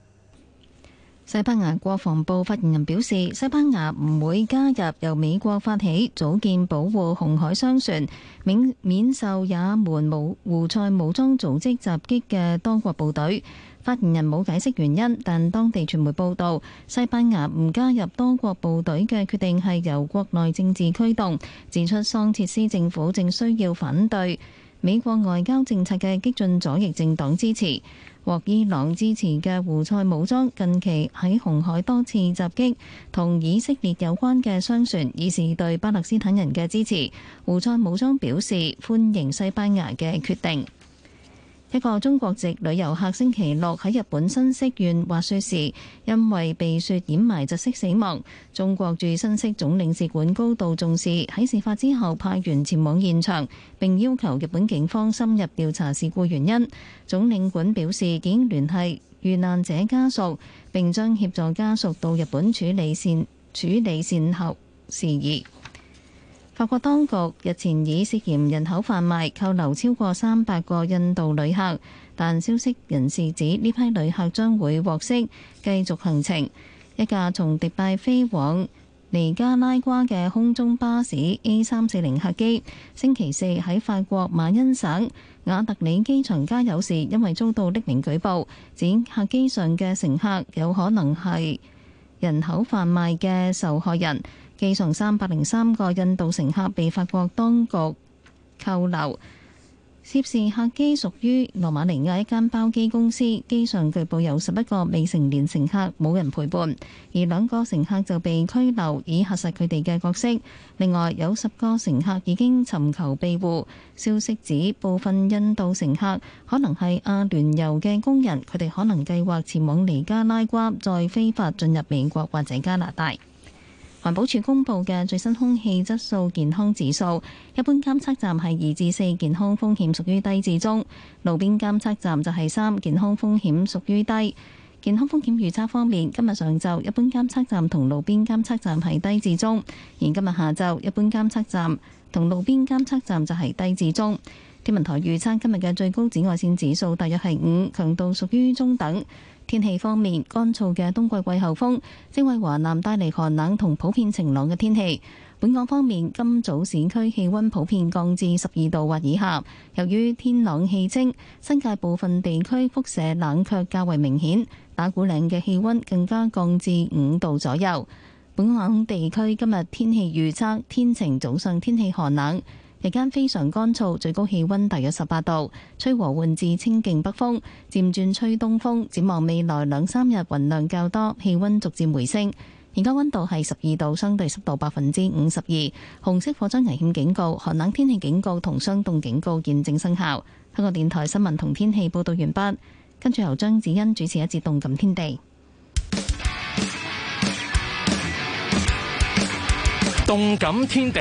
西班牙國防部發言人表示，西班牙唔會加入由美國發起組建保護紅海商船免免受也門武胡塞武裝組織襲擊嘅多國部隊。發言人冇解釋原因，但當地傳媒報道，西班牙唔加入多國部隊嘅決定係由國內政治驅動，指出桑切斯政府正需要反對美國外交政策嘅激進左翼政黨支持，獲伊朗支持嘅胡塞武裝近期喺紅海多次襲擊同以色列有關嘅商船，以示對巴勒斯坦人嘅支持。胡塞武裝表示歡迎西班牙嘅決定。一個中國籍旅遊客星期六喺日本新潟縣滑雪時，因為被雪掩埋窒息死亡。中國駐新潟總領事館高度重視，喺事發之後派員前往現場，並要求日本警方深入調查事故原因。總領館表示，已經聯繫遇難者家屬，並將協助家屬到日本處理善處理善後事宜。法國當局日前以涉嫌人口販賣扣留超過三百個印度旅客，但消息人士指呢批旅客將會獲釋繼續行程。一架從迪拜飛往尼加拉瓜嘅空中巴士 A 三四零客機，星期四喺法國馬恩省雅特里機場加油時，因為遭到匿名舉報，指客機上嘅乘客有可能係人口販賣嘅受害人。機上三百零三個印度乘客被法國當局扣留，涉事客機屬於羅馬尼亞一間包機公司，機上據報有十一個未成年乘客，冇人陪伴，而兩個乘客就被拘留以核實佢哋嘅角色。另外有十個乘客已經尋求庇護。消息指部分印度乘客可能係阿聯酋嘅工人，佢哋可能計劃前往尼加拉瓜，再非法進入美國或者加拿大。環保署公佈嘅最新空氣質素健康指數，一般監測站係二至四，健康風險屬於低至中；路邊監測站就係三，健康風險屬於低。健康風險預測方面，今日上晝一般監測站同路邊監測站係低至中，而今日下晝一般監測站同路邊監測站就係低至中。天文台預測今日嘅最高紫外綫指數大約係五，強度屬於中等。天氣方面，乾燥嘅冬季季候風正為華南帶嚟寒冷同普遍晴朗嘅天氣。本港方面，今早市區氣溫普遍降至十二度或以下。由於天朗氣清，新界部分地區輻射冷卻較為明顯，打鼓嶺嘅氣溫更加降至五度左右。本港地區今日天氣預測：天晴，早上天氣寒冷。期間非常乾燥，最高氣温大約十八度，吹和緩至清勁北風，漸轉吹東風。展望未來兩三日，雲量較多，氣温逐漸回升。而家温度係十二度，相對濕度百分之五十二。紅色火災危險警告、寒冷天氣警告同霜凍警告現正生效。香港電台新聞同天氣報道完畢。跟住由張子欣主持一節《動感天地》。《動感天地》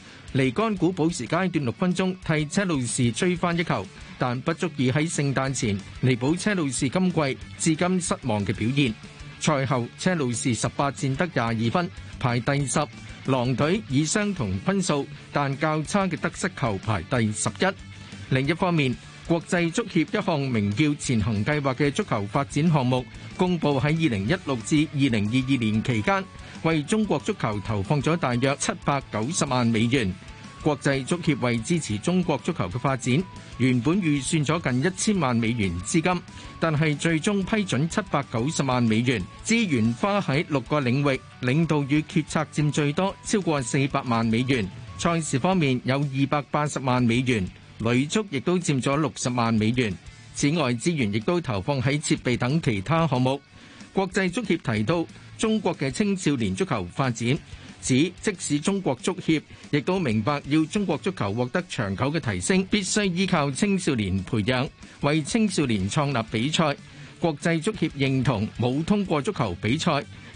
尼干古補時階段六分鐘替車路士追翻一球，但不足以喺聖誕前彌補車路士今季至今失望嘅表現。賽後車路士十八戰得廿二分，排第十；狼隊以相同分數但較差嘅得失球排第十一。另一方面，國際足協一項名叫前行計劃嘅足球發展項目公布，喺2016至2022年期間為中國足球投放咗大約790萬美元。國際足協為支持中國足球嘅發展，原本預算咗近1000萬美元資金，但係最終批准790萬美元。資源花喺六個領域，領導與決策佔最多，超過400萬美元，賽事方面有280萬美元。女足亦都佔咗六十萬美元。此外，資源亦都投放喺設備等其他項目。國際足協提到中國嘅青少年足球發展，指即使中國足協亦都明白，要中國足球獲得長久嘅提升，必須依靠青少年培養，為青少年創立比賽。國際足協認同冇通過足球比賽。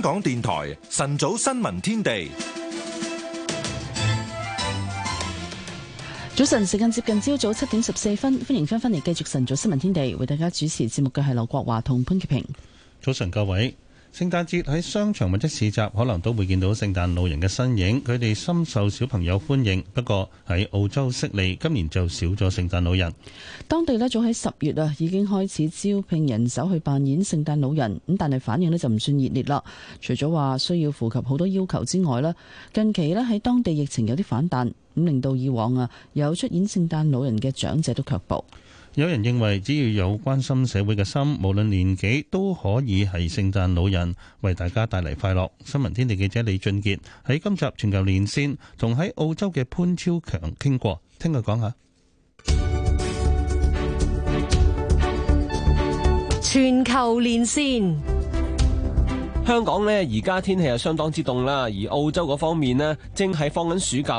香港電台晨早新聞天地，早晨時間接近朝早七點十四分，歡迎翻返嚟繼續晨早新聞天地，為大家主持節目嘅係劉國華同潘潔平。早晨，各位。聖誕節喺商場或者市集，可能都會見到聖誕老人嘅身影，佢哋深受小朋友歡迎。不過喺澳洲悉尼，今年就少咗聖誕老人。當地呢，早喺十月啊，已經開始招聘人手去扮演聖誕老人，咁但係反應呢就唔算熱烈啦。除咗話需要符合好多要求之外啦，近期呢喺當地疫情有啲反彈，咁令到以往啊有出演聖誕老人嘅長者都卻步。有人認為，只要有關心社會嘅心，無論年紀都可以係聖誕老人，為大家帶嚟快樂。新聞天地記者李俊傑喺今集全球連線，同喺澳洲嘅潘超強傾過，聽佢講下全球連線。香港呢而家天氣係相當之凍啦，而澳洲嗰方面呢，正係放緊暑假，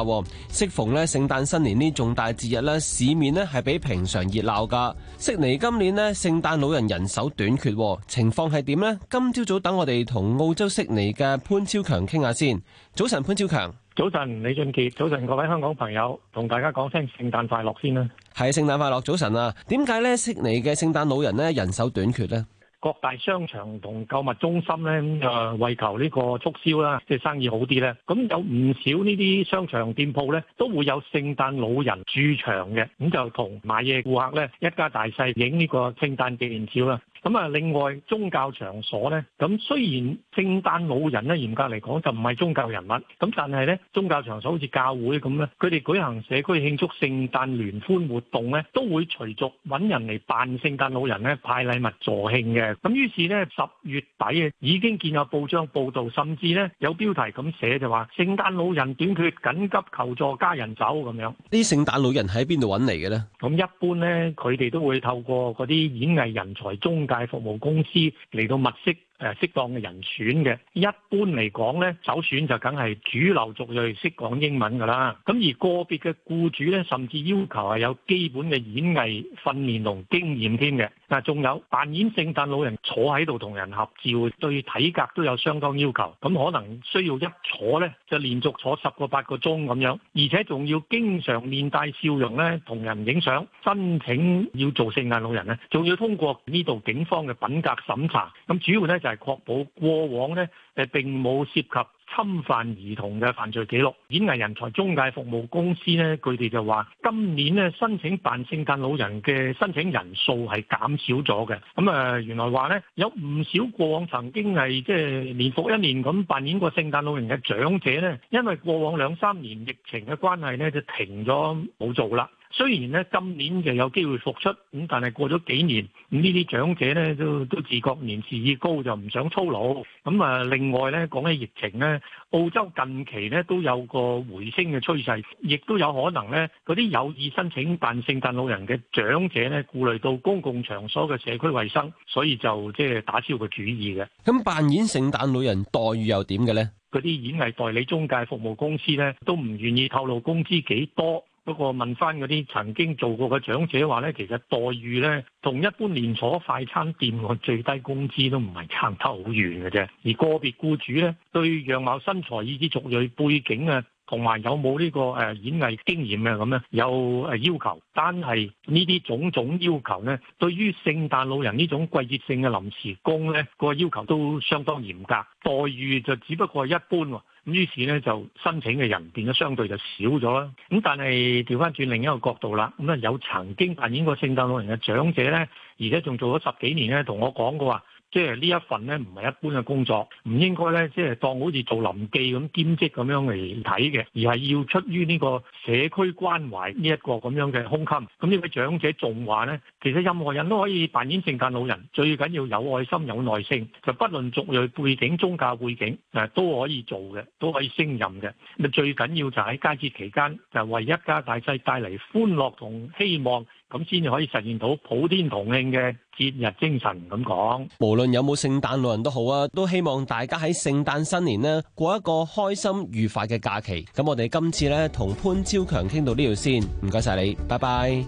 適逢呢聖誕新年呢重大節日呢，市面呢係比平常熱鬧噶。悉尼今年呢聖誕老人人手短缺，情況係點呢？今朝早等我哋同澳洲悉尼嘅潘超強傾下先。早晨，潘超強。早晨，李俊傑。早晨，各位香港朋友，同大家講聲聖誕快樂先啦。係，聖誕快樂，早晨啦。點解呢悉尼嘅聖誕老人呢人手短缺呢？各大商場同購物中心咧，誒為求呢個促銷啦，即係生意好啲咧，咁有唔少呢啲商場店鋪咧，都會有聖誕老人駐場嘅，咁就同買嘢顧客咧一家大細影呢個聖誕紀念照啦。咁啊，另外宗教場所咧，咁雖然聖誕老人咧嚴格嚟講就唔係宗教人物，咁但係咧宗教場所好似教會咁咧，佢哋舉行社區慶祝聖誕聯歡活動咧，都會隨續揾人嚟扮聖誕老人咧派禮物助興嘅。咁於是咧十月底啊，已經見有報章報道，甚至咧有標題咁寫就話聖誕老人短缺，緊急求助家人走咁樣。呢啲聖誕老人喺邊度揾嚟嘅咧？咁一般咧，佢哋都會透過嗰啲演藝人才中。大服務公司嚟到物色。 誒適當嘅人選嘅，一般嚟講咧，首選就梗係主流族裔，識講英文㗎啦。咁而個別嘅雇主咧，甚至要求係有基本嘅演藝訓練同經驗添嘅。嗱，仲有扮演聖誕老人坐喺度同人合照，對體格都有相當要求。咁可能需要一坐咧，就連續坐十個八個鐘咁樣，而且仲要經常面帶笑容咧，同人影相。申請要做聖誕老人咧，仲要通過呢度警方嘅品格審查。咁主要咧就係係確保過往呢，誒並冇涉及侵犯兒童嘅犯罪記錄。演藝人才中介服務公司呢，佢哋就話今年呢申請扮聖誕老人嘅申請人數係減少咗嘅。咁、嗯、啊、呃，原來話呢，有唔少過往曾經係即係年復一年咁扮演過聖誕老人嘅長者呢，因為過往兩三年疫情嘅關係呢，就停咗冇做啦。雖然咧今年就有機會復出，咁但係過咗幾年，咁呢啲長者咧都都自覺年事已高，就唔想操勞。咁啊，另外咧講起疫情咧，澳洲近期咧都有個回升嘅趨勢，亦都有可能咧嗰啲有意申請辦聖誕老人嘅長者咧，顧慮到公共場所嘅社區衞生，所以就即係打消個主意嘅。咁扮演聖誕老人待遇又點嘅咧？嗰啲演藝代理中介服務公司咧，都唔願意透露工資幾多，多。不過問翻嗰啲曾經做過嘅長者話咧，其實待遇咧同一般連鎖快餐店嘅最低工資都唔係差得好遠嘅啫。而個別僱主咧對樣貌、身材以至族裔背景啊，同埋有冇呢個誒演藝經驗啊咁咧有誒要求，但係呢啲種種要求咧，對於聖誕老人呢種季節性嘅臨時工咧，個要求都相當嚴格，待遇就只不過係一般喎。咁於是咧就申請嘅人變咗相對就少咗啦。咁但係調返轉另一個角度啦，咁啊有曾經扮演過聖誕老人嘅長者咧，而且仲做咗十幾年咧，同我講過話。即係呢一份咧，唔係一般嘅工作，唔應該咧，即係當好似做臨記咁兼職咁樣嚟睇嘅，而係要出於呢個社區關懷呢一個咁樣嘅胸襟。咁、嗯、呢位長者仲話咧，其實任何人都可以扮演聖誕老人，最緊要有愛心、有耐性，就不論族裔背景、宗教背景，誒都可以做嘅，都可以勝任嘅。最緊要就喺佳節期間，就係、為一家大細帶嚟歡樂同希望。咁先至可以實現到普天同慶嘅節日精神，咁講。無論有冇聖誕老人都好啊，都希望大家喺聖誕新年呢過一個開心愉快嘅假期。咁我哋今次呢，同潘超強傾到呢度先，唔該晒你，拜拜，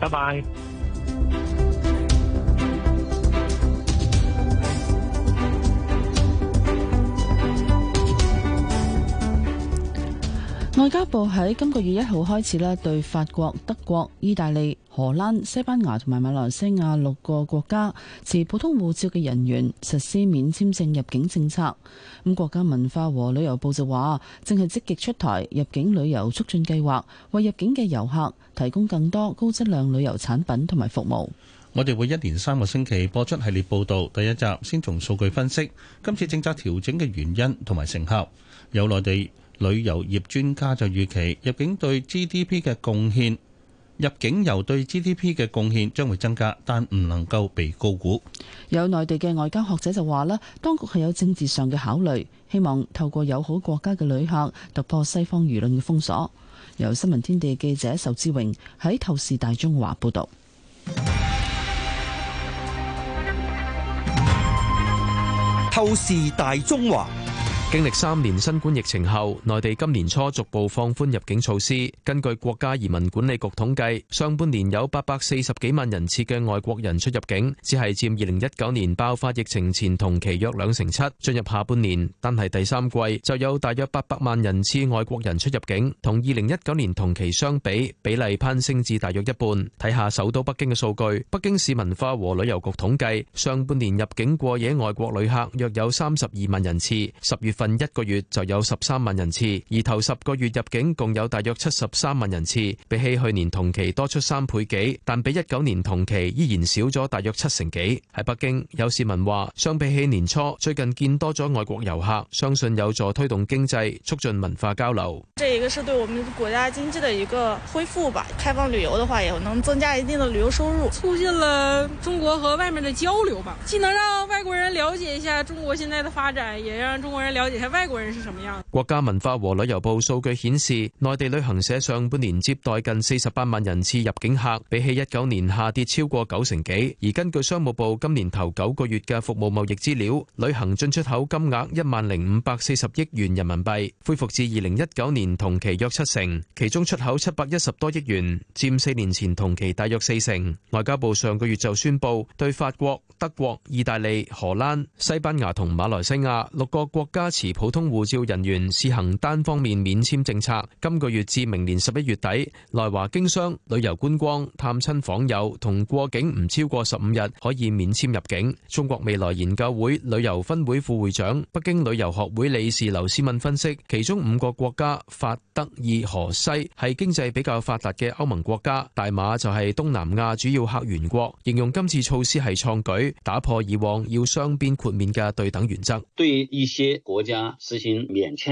拜拜。外交部喺今個月一號開始咧，對法國、德國、意大利、荷蘭、西班牙同埋馬來西亞六個國家持普通護照嘅人員實施免簽證入境政策。咁國家文化和旅遊部就話，正係積極出台入境旅遊促進計劃，為入境嘅遊客提供更多高質量旅遊產品同埋服務。我哋會一連三個星期播出系列報道，第一集先從數據分析今次政策調整嘅原因同埋成效，有內地。旅遊業專家就預期入境對 GDP 嘅貢獻，入境遊對 GDP 嘅貢獻將會增加，但唔能夠被高估。有內地嘅外交學者就話啦，當局係有政治上嘅考慮，希望透過友好國家嘅旅客突破西方輿論嘅封鎖。由新聞天地記者仇志榮喺透視大中華報導。透視大中華。經歷三年新冠疫情後，內地今年初逐步放寬入境措施。根據國家移民管理局統計，上半年有八百四十幾萬人次嘅外國人出入境，只係占二零一九年爆發疫情前同期約兩成七。進入下半年，單係第三季就有大約八百萬人次外國人出入境，同二零一九年同期相比，比例攀升至大約一半。睇下首都北京嘅數據，北京市文化和旅遊局統計，上半年入境過夜外國旅客約有三十二萬人次，十月份。近一個月就有十三萬人次，而頭十個月入境共有大約七十三萬人次，比起去年同期多出三倍幾，但比一九年同期依然少咗大約七成幾。喺北京，有市民話，相比起年初，最近見多咗外國遊客，相信有助推動經濟，促進文化交流。這一個是對我們國家經濟的一個恢復吧。開放旅遊的話，也能增加一定的旅遊收入，促進了中國和外面的交流吧。既能讓外國人了解一下中國現在的發展，也讓中國人了解。睇下外國人是什麼樣？國家文化和旅遊部數據顯示，內地旅行社上半年接待近四十八萬人次入境客，比起一九年下跌超過九成幾。而根據商務部今年頭九個月嘅服務貿易資料，旅行進出口金額一萬零五百四十億元人民幣，恢復至二零一九年同期約七成，其中出口七百一十多億元，佔四年前同期約大約四成。外交部上個月就宣布，對法國、德國、意大利、荷蘭、西班牙同馬來西亞六個國家持普通護照人員唔試行單方面免簽政策，今個月至明年十一月底，來華經商、旅遊觀光、探親訪友同過境唔超過十五日可以免簽入境。中國未來研究會旅遊分會副會長、北京旅遊學會理事劉思敏分析，其中五個國家法、德、意、荷、西係經濟比較發達嘅歐盟國家，大馬就係東南亞主要客源國。形容今次措施係創舉，打破以往要雙邊豁免嘅對等原則。對一些國家實行免簽。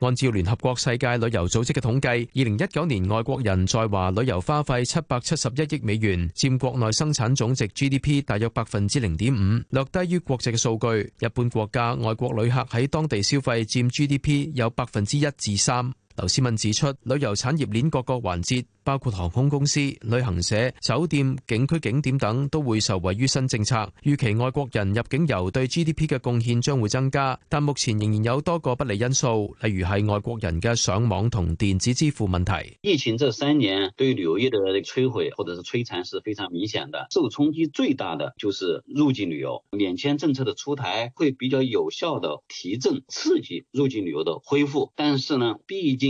按照聯合國世界旅遊組織嘅統計，二零一九年外國人在華旅遊花費七百七十一億美元，佔國內生產總值 GDP 大約百分之零點五，略低於國際嘅數據。日本國家外國旅客喺當地消費佔 GDP 有百分之一至三。劉詩敏指出，旅遊產業鏈各個環節，包括航空公司、旅行社、酒店、景區景點等，都會受惠於新政策。預期外國人入境遊對 GDP 嘅貢獻將會增加，但目前仍然有多個不利因素，例如係外國人嘅上網同電子支付問題。疫情這三年對旅遊業的摧毀或者是摧殘是非常明顯的，受衝擊最大的就是入境旅遊。免簽政策的出台會比較有效的提振、刺激入境旅遊的恢復，但是呢，畢竟。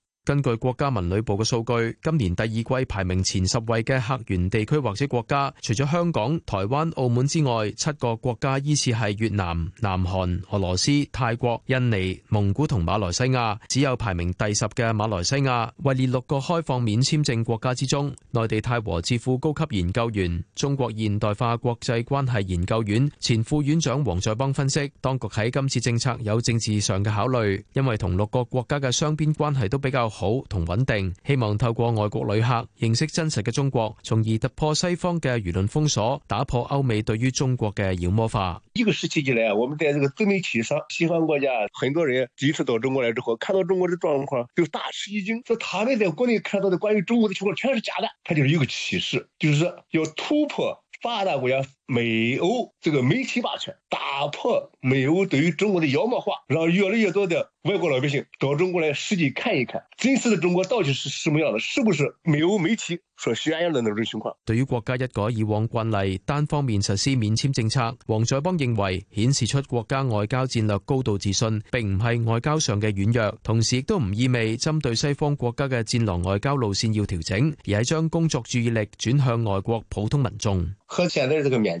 根據國家文旅部嘅數據，今年第二季排名前十位嘅客源地區或者國家，除咗香港、台灣、澳門之外，七個國家依次係越南、南韓、俄羅斯、泰國、印尼、蒙古同馬來西亞。只有排名第十嘅馬來西亞位列六個開放免簽證國家之中。內地泰和智庫高級研究員、中國現代化國際關係研究院前副院長王在邦分析，當局喺今次政策有政治上嘅考慮，因為同六個國家嘅雙邊關係都比較好同穩定，希望透過外國旅客認識真實嘅中國，從而突破西方嘅輿論封鎖，打破歐美對於中國嘅妖魔化。一個時期以來，我們在這個自媒體上，西方國家很多人第一次到中國來之後，看到中國嘅狀況就大吃一驚，說他們在國內看到的關於中國嘅情況全是假的，它就是一個啟示，就是要突破發達國家。美歐這個媒體霸權，打破美歐對於中國的妖魔化，讓越來越多的外國老百姓到中國來，實際看一看，真實的中國到底是什麼樣的，是不是美歐媒體所宣揚的那種情況？對於國家一改以往慣例，單方面實施免簽政策，王在邦認為，顯示出國家外交戰略高度自信，並唔係外交上嘅軟弱，同時亦都唔意味針對西方國家嘅戰狼外交路線要調整，而係將工作注意力轉向外國普通民眾。和現在這個免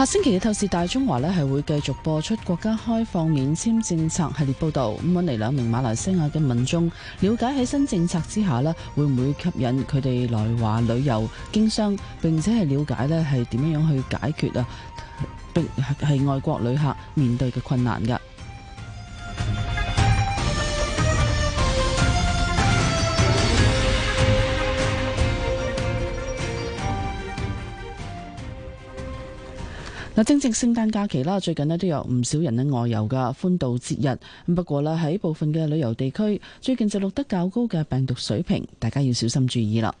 下星期嘅透視大中華呢，係會繼續播出國家開放免簽政策系列報道。搵嚟兩名馬來西亞嘅民眾了解喺新政策之下呢，會唔會吸引佢哋來華旅遊經商，並且係了解呢係點樣樣去解決啊，係外國旅客面對嘅困難噶。正值聖誕假期啦，最近咧都有唔少人喺外遊噶，歡度節日。不過咧喺部分嘅旅遊地區，最近就錄得較高嘅病毒水平，大家要小心注意啦。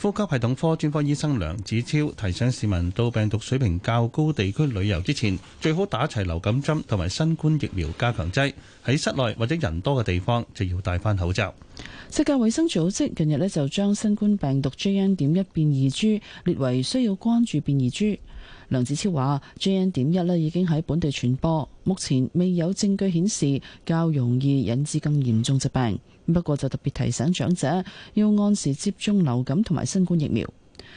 呼吸系統科專科醫生梁子超提醒市民，到病毒水平較高地區旅遊之前，最好打齊流感針同埋新冠疫苗加強劑。喺室內或者人多嘅地方，就要戴翻口罩。世界衛生組織近日咧就將新冠病毒 JN 點一變異株列為需要關注變異株。梁子超話 JN 點一呢已經喺本地傳播，目前未有證據顯示較容易引致更嚴重疾病。不過就特別提醒長者要按時接種流感同埋新冠疫苗。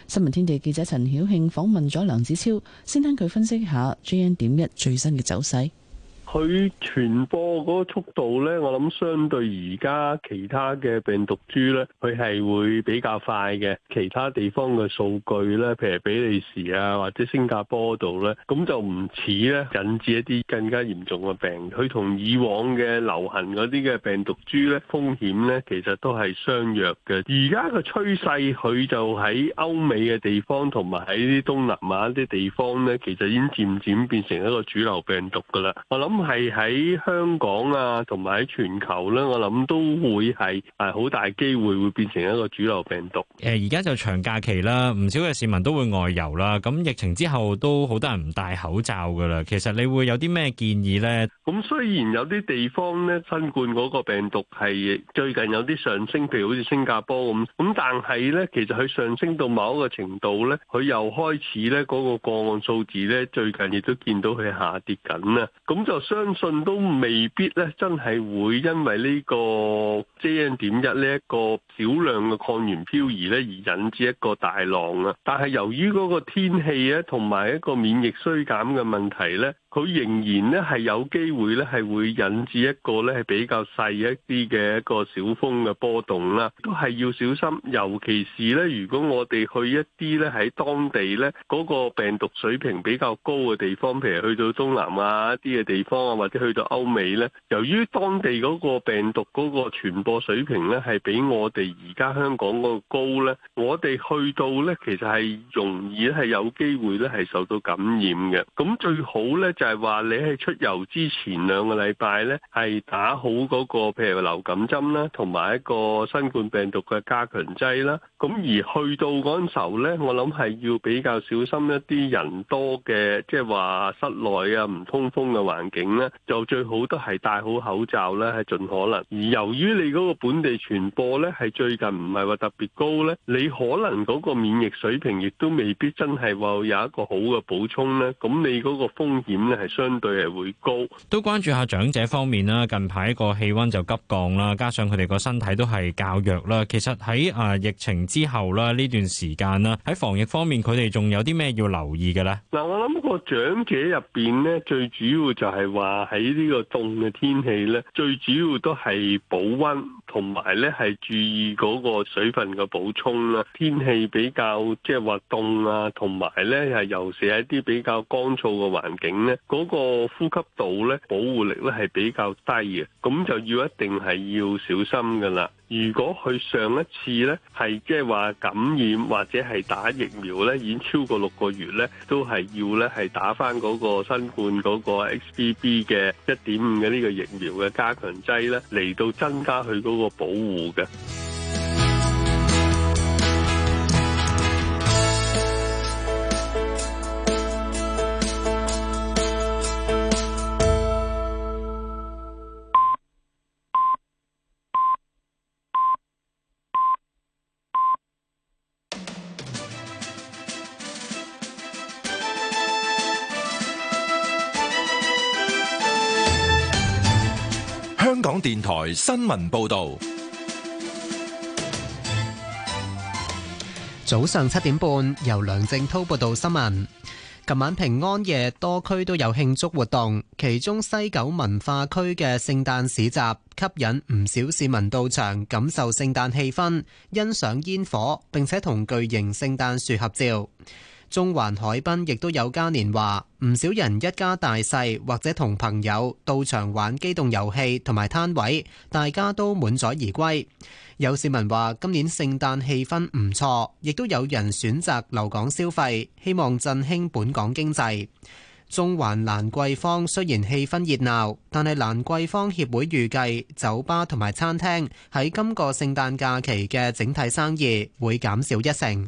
新聞天地記者陳曉慶訪問咗梁子超，先聽佢分析下 JN 點一最新嘅走勢。佢傳播嗰個速度呢，我諗相對而家其他嘅病毒株呢，佢係會比較快嘅。其他地方嘅數據呢，譬如比利時啊或者新加坡度呢，咁就唔似呢引致一啲更加嚴重嘅病。佢同以往嘅流行嗰啲嘅病毒株呢，風險呢其實都係相若嘅。而家個趨勢，佢就喺歐美嘅地方同埋喺啲東南亞啲地方呢，其實已經漸漸變成一個主流病毒㗎啦。我諗。都係喺香港啊，同埋喺全球咧，我諗都會係誒好大機會會變成一個主流病毒。誒，而家就長假期啦，唔少嘅市民都會外遊啦。咁疫情之後都好多人唔戴口罩噶啦。其實你會有啲咩建議呢？咁雖然有啲地方咧，新冠嗰個病毒係最近有啲上升，譬如好似新加坡咁。咁但係呢，其實佢上升到某一個程度呢，佢又開始呢嗰個個案數字呢，最近亦都見到佢下跌緊啦。咁就。相信都未必咧，真係會因為呢個 JN. 點一呢一個少量嘅抗原漂移咧，而引致一個大浪啊！但係由於嗰個天氣咧，同埋一個免疫衰減嘅問題咧，佢仍然咧係有機會咧係會引致一個咧係比較細一啲嘅一個小風嘅波動啦。都係要小心，尤其是咧，如果我哋去一啲咧喺當地咧嗰個病毒水平比較高嘅地方，譬如去到東南亞一啲嘅地方。或者去到歐美呢，由於當地嗰個病毒嗰個傳播水平呢，係比我哋而家香港嗰個高呢，我哋去到呢，其實係容易係有機會呢係受到感染嘅。咁最好呢就係話你喺出遊之前兩個禮拜呢，係打好嗰個譬如流感針啦，同埋一個新冠病毒嘅加強劑啦。咁而去到嗰陣時候呢，我諗係要比較小心一啲人多嘅，即係話室內啊唔通風嘅環境。咧就最好都係戴好口罩咧，係盡可能。而由於你嗰個本地傳播咧，係最近唔係話特別高咧，你可能嗰個免疫水平亦都未必真係話有一個好嘅補充咧。咁你嗰個風險咧係相對係會高。都關注下長者方面啦。近排個氣溫就急降啦，加上佢哋個身體都係較弱啦。其實喺誒疫情之後啦，呢段時間啦，喺防疫方面佢哋仲有啲咩要留意嘅咧？嗱、呃，我諗個長者入邊咧，最主要就係、是。話喺呢個凍嘅天氣呢，最主要都係保溫，同埋呢係注意嗰個水分嘅補充啦。天氣比較即係話凍啊，同埋呢係尤其是喺啲比較乾燥嘅環境呢嗰，嗰個呼吸道呢，保護力呢係比較低嘅，咁就要一定係要小心噶啦。如果佢上一次呢，係即係話感染或者係打疫苗呢已經超過六個月呢，都係要呢，係打翻嗰個新冠嗰個 XBB 嘅一點五嘅呢個疫苗嘅加強劑呢，嚟到增加佢嗰個保護嘅。香港電台新聞報道，早上七點半由梁正濤報道新聞。琴晚平安夜，多區都有慶祝活動，其中西九文化區嘅聖誕市集吸引唔少市民到場，感受聖誕氣氛，欣賞煙火，並且同巨型聖誕樹合照。中環海濱亦都有嘉年華，唔少人一家大細或者同朋友到場玩機動遊戲同埋攤位，大家都滿載而歸。有市民話：今年聖誕氣氛唔錯，亦都有人選擇留港消費，希望振興本港經濟。中環蘭桂坊雖然氣氛熱鬧，但係蘭桂坊協會預計酒吧同埋餐廳喺今個聖誕假期嘅整體生意會減少一成。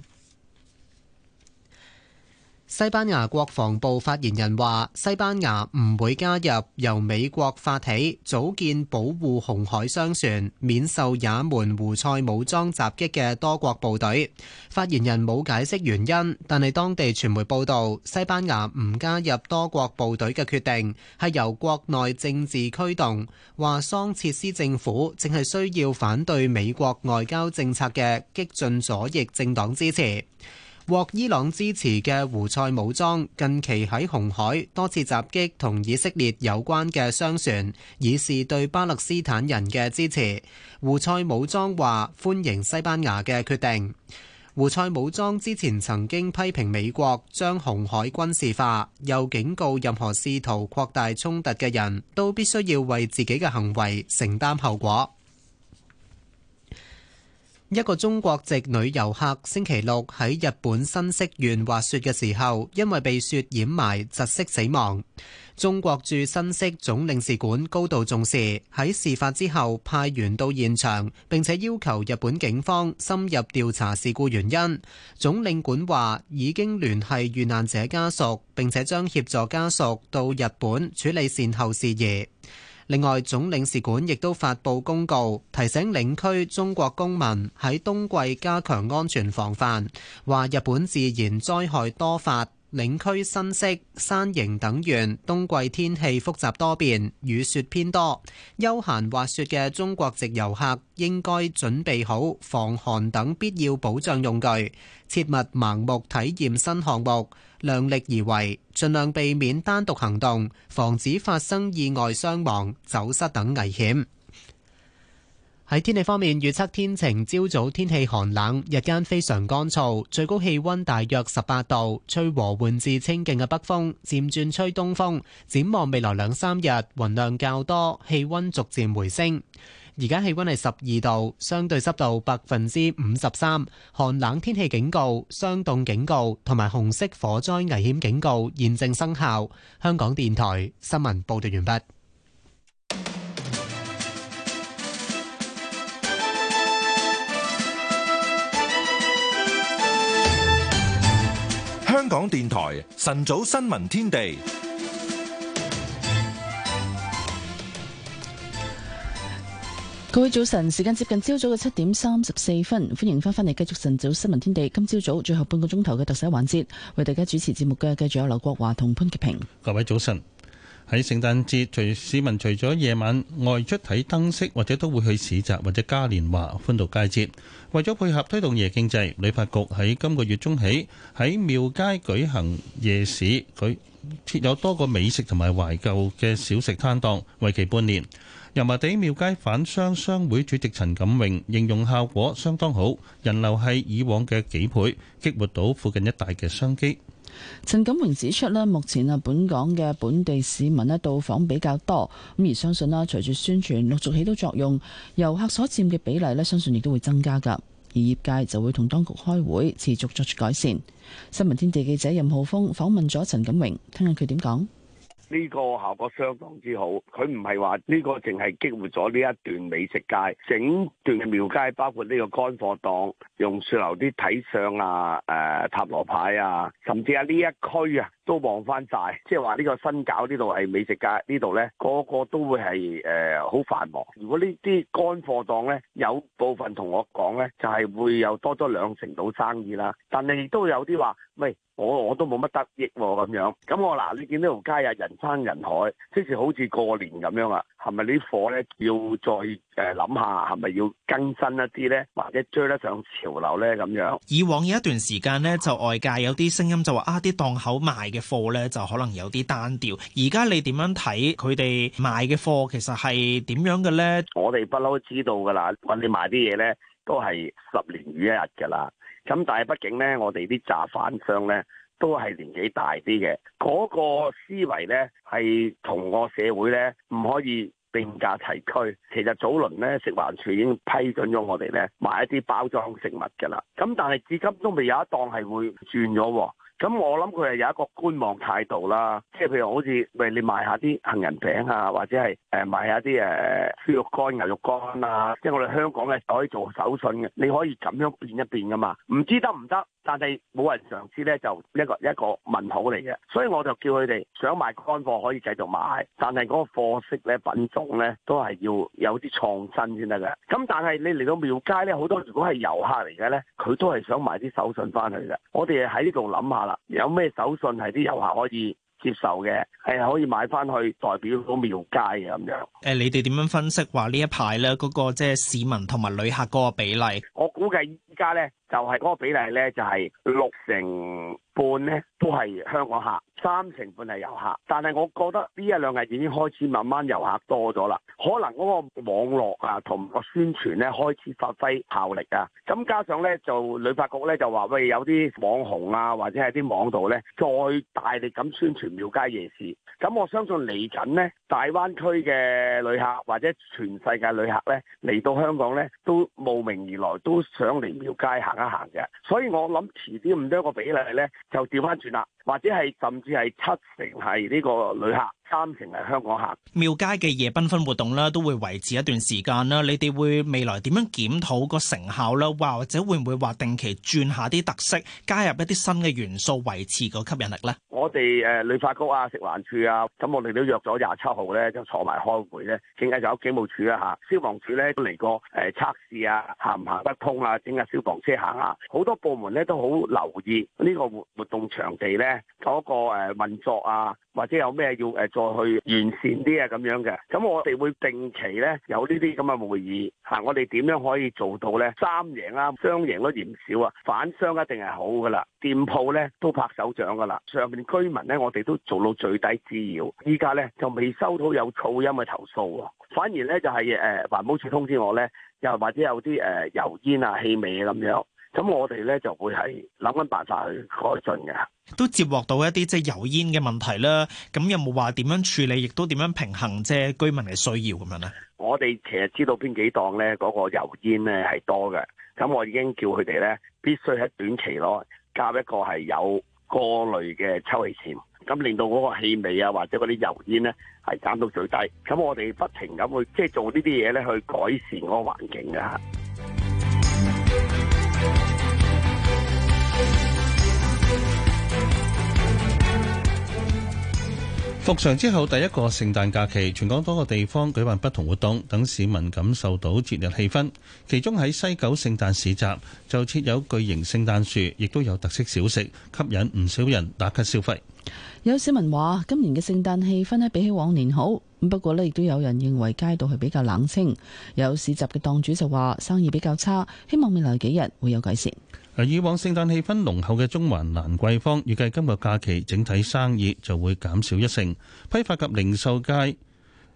西班牙國防部發言人話：西班牙唔會加入由美國發起、組建保護紅海商船免受也門胡塞武裝襲擊嘅多國部隊。發言人冇解釋原因，但係當地傳媒報道，西班牙唔加入多國部隊嘅決定係由國內政治驅動，話桑切斯政府正係需要反對美國外交政策嘅激進左翼政黨支持。獲伊朗支持嘅胡塞武裝近期喺紅海多次襲擊同以色列有關嘅商船，以示對巴勒斯坦人嘅支持。胡塞武裝話歡迎西班牙嘅決定。胡塞武裝之前曾經批評美國將紅海軍事化，又警告任何試圖擴大衝突嘅人都必須要為自己嘅行為承擔後果。一個中國籍女遊客星期六喺日本新潟縣滑雪嘅時候，因為被雪掩埋窒息死亡。中國駐新潟總領事館高度重視，喺事發之後派員到現場，並且要求日本警方深入調查事故原因。總領館話已經聯繫遇難者家屬，並且將協助家屬到日本處理善後事宜。另外，總領事館亦都發布公告，提醒領區中國公民喺冬季加強安全防範，話日本自然災害多發。領區新潟、山形等縣，冬季天氣複雜多變，雨雪偏多。休閒滑雪嘅中國籍遊客應該準備好防寒等必要保障用具，切勿盲目體驗新項目，量力而為，盡量避免單獨行動，防止發生意外傷亡、走失等危險。喺天氣方面，預測天晴，朝早天氣寒冷，日間非常乾燥，最高氣溫大約十八度，吹和緩至清勁嘅北風，漸轉吹東風。展望未來兩三日，雲量較多，氣溫逐漸回升。而家氣溫係十二度，相對濕度百分之五十三，寒冷天氣警告、霜凍警告同埋紅色火災危險警告現正生效。香港電台新聞報道完畢。香港電台晨早新聞天地，各位早晨，時間接近朝早嘅七點三十四分，歡迎翻返嚟繼續晨早新聞天地。今朝早最後半個鐘頭嘅特寫環節，為大家主持節目嘅繼續有劉國華同潘潔平。各位早晨。喺聖誕節，除市民除咗夜晚外出睇燈飾，或者都會去市集或者嘉年華歡度佳節。為咗配合推動夜經濟，旅發局喺今個月中起喺廟街舉行夜市，佢設有多個美食同埋懷舊嘅小食攤檔，為期半年。油麻地廟街反商商會主席陳錦榮形容效果相當好，人流係以往嘅幾倍，激活到附近一帶嘅商機。陳錦榮指出咧，目前啊，本港嘅本地市民咧到訪比較多，咁而相信咧，隨住宣傳陸續起到作用，遊客所佔嘅比例咧，相信亦都會增加噶。而業界就會同當局開會，持續作出改善。新聞天地記者任浩峰訪問咗陳錦榮，聽下佢點講。呢個效果相當之好，佢唔係話呢個淨係激活咗呢一段美食街，整段廟街包括呢個乾貨檔，用樹樓啲睇相啊，誒、呃、塔羅牌啊，甚至係呢一區啊。都望翻晒，即係話呢個新搞呢度係美食街，呢度呢個個都會係誒好繁忙。如果呢啲乾貨檔呢，有部分同我講呢，就係、是、會有多咗兩成到生意啦。但係亦都有啲話，喂，我我都冇乜得益喎、啊、咁樣。咁我嗱，你見呢條街啊，人山人海，即、就、係、是、好似過年咁樣啊！係咪啲貨咧要再誒諗下？係咪要更新一啲咧？或者追得上潮流咧？咁樣以往有一段時間咧，就外界有啲聲音就話啊，啲檔口賣嘅貨咧就可能有啲單調。而家你點樣睇佢哋賣嘅貨其實係點樣嘅咧？我哋不嬲知道㗎啦。我哋賣啲嘢咧都係十年如一日㗎啦。咁但係畢竟咧，我哋啲雜販商咧都係年紀大啲嘅，嗰個思維咧係同個社會咧唔可以。定價齊區，其實早輪咧食環署已經批准咗我哋咧賣一啲包裝食物噶啦，咁但係至今都未有一檔係會轉咗喎，咁、嗯嗯嗯、我諗佢係有一個觀望態度啦，即係譬如好似喂，你賣下啲杏仁餅啊，或者係誒賣下啲誒豬肉乾、牛肉乾啊，即係我哋香港嘅可以做手信嘅，你可以咁樣變一變噶嘛，唔知得唔得？但係冇人嘗試咧，就一個一個問號嚟嘅，所以我就叫佢哋想賣乾貨可以繼續賣，但係嗰個貨色咧、品種咧都係要有啲創新先得嘅。咁但係你嚟到廟街咧，好多如果係遊客嚟嘅咧，佢都係想買啲手信返去嘅。我哋喺呢度諗下啦，有咩手信係啲遊客可以接受嘅，係可以買翻去代表到廟街嘅咁樣。誒、呃，你哋點樣分析話呢一排咧？嗰個即係市民同埋旅客嗰個比例。我估計依家咧就係嗰個比例咧就係六成。半咧都係香港客，三成半係遊客，但係我覺得呢一兩日已經開始慢慢遊客多咗啦，可能嗰個網絡啊同個宣傳咧開始發揮效力啊，咁加上咧就旅發局咧就話喂，有啲網紅啊或者係啲網度咧再大力咁宣傳廟街夜市，咁我相信嚟緊咧。大灣區嘅旅客或者全世界旅客呢，嚟到香港呢，都慕名而來，都想嚟廟街行一行嘅，所以我諗遲啲咁多個比例呢就調返轉啦。或者係甚至係七成係呢個旅客，三成係香港客。廟街嘅夜繽紛活動咧都會維持一段時間啦。你哋會未來點樣檢討個成效咧？或或者會唔會話定期轉下啲特色，加入一啲新嘅元素，維持個吸引力呢？我哋誒旅發局啊、食環署啊，咁我哋都約咗廿七號咧，就坐埋開會咧。正佳就有警務處啊、嚇，消防處咧都嚟過誒測試啊，行唔行得通啊？整下消防車行下，好多部門咧都好留意呢個活活動場地咧。嗰個誒運作啊，或者有咩要誒再去完善啲啊，咁樣嘅。咁我哋會定期咧有呢啲咁嘅會議。嚇、啊，我哋點樣可以做到咧？三贏啊，雙贏、啊、雙贏都嫌少啊，反商一定係好噶啦。店鋪咧都拍手掌噶啦。上面居民咧，我哋都做到最低滋擾。依家咧就未收到有噪音嘅投訴喎、啊，反而咧就係、是、誒、呃、環保署通知我咧，又或者有啲誒、呃、油煙啊氣味啊咁樣。咁我哋咧就會係諗緊辦法去改進嘅。都接獲到一啲即係油煙嘅問題啦。咁有冇話點樣處理，亦都點樣平衡即係居民嘅需要咁樣咧？我哋其實知道邊幾檔咧嗰個油煙咧係多嘅。咁我已經叫佢哋咧必須喺短期內加一個係有過濾嘅抽氣扇，咁令到嗰個氣味啊或者嗰啲油煙咧係減到最低。咁我哋不停咁去即係、就是、做呢啲嘢咧去改善嗰個環境嘅。復常之後第一個聖誕假期，全港多個地方舉辦不同活動，等市民感受到節日氣氛。其中喺西九聖誕市集就設有巨型聖誕樹，亦都有特色小食，吸引唔少人打卡消費。有市民話：今年嘅聖誕氣氛呢比起往年好。不過呢亦都有人認為街道係比較冷清。有市集嘅檔主就話生意比較差，希望未來幾日會有改善。以往聖誕氣氛濃厚嘅中環蘭桂坊，預計今個假期整體生意就會減少一成。批發及零售界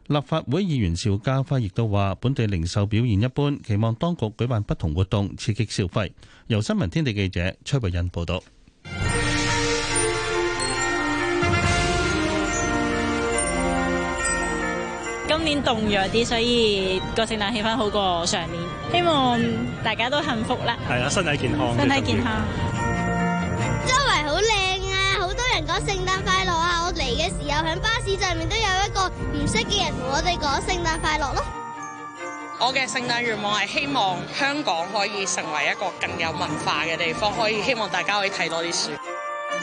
立法會議員邵家輝亦都話，本地零售表現一般，期望當局舉辦不同活動刺激消費。由新聞天地記者崔慧恩報道。天凍弱啲，所以個聖誕氣氛好過上年。希望大家都幸福啦。係啊，身體健康。身體健康。健康周圍好靚啊！好多人講聖誕快樂啊！我嚟嘅時候喺巴士上面都有一個唔識嘅人同我哋講聖誕快樂咯，啊。我嘅聖誕願望係希望香港可以成為一個更有文化嘅地方，可以希望大家可以睇多啲書。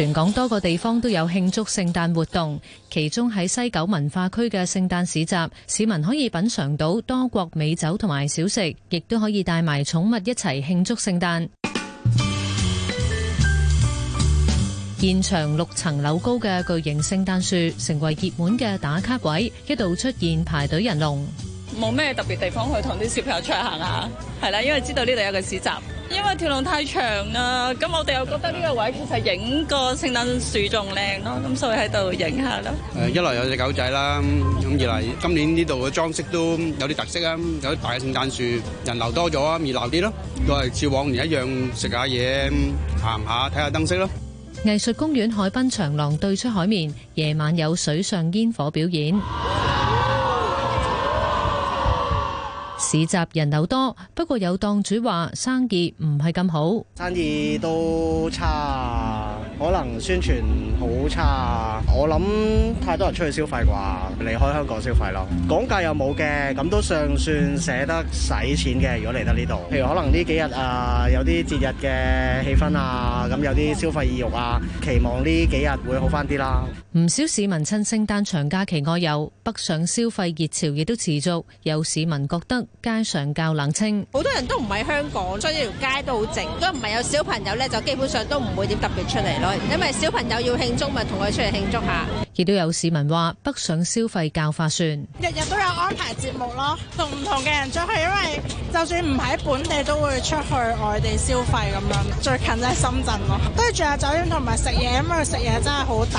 全港多個地方都有慶祝聖誕活動，其中喺西九文化區嘅聖誕市集，市民可以品嘗到多國美酒同埋小食，亦都可以帶埋寵物一齊慶祝聖誕。 現場六層樓高嘅巨型聖誕樹成為熱門嘅打卡位，一度出現排隊人龍。冇咩特別地方去同啲小朋友出去行啊？係啦，因為知道呢度有個市集。因為條龍太長啦，咁我哋又覺得呢個位其實影個聖誕樹仲靚咯，咁所以喺度影下咯。誒，一來有隻狗仔啦，咁二嚟今年呢度嘅裝飾都有啲特色啊，有啲大嘅聖誕樹，人流多咗，熱鬧啲咯。都係似往年一樣食下嘢，行下睇下燈飾咯。藝術公園海濱長廊對出海面，夜晚有水上煙火表演。市集人流多，不過有檔主話生意唔係咁好，生意都差。可能宣傳好差，我諗太多人出去消費啩，離開香港消費咯。講價又冇嘅，咁都尚算捨得使錢嘅。如果嚟得呢度，譬如可能呢幾日啊，有啲節日嘅氣氛啊，咁有啲消費意欲啊，期望呢幾日會好翻啲啦。唔少市民趁聖誕長假期外遊，北上消費熱潮亦都持續。有市民覺得街上較冷清，好多人都唔喺香港，所以條街都好靜。如果唔係有小朋友呢，就基本上都唔會點特別出嚟咯。因為小朋友要慶祝，咪同佢出嚟慶祝下。亦都有市民話北上消費較划算，日日都有安排節目咯，同唔同嘅人出去。因為就算唔喺本地，都會出去外地消費咁樣。最近都係深圳咯，跟住仲有酒店同埋食嘢，因為食嘢真係好抵，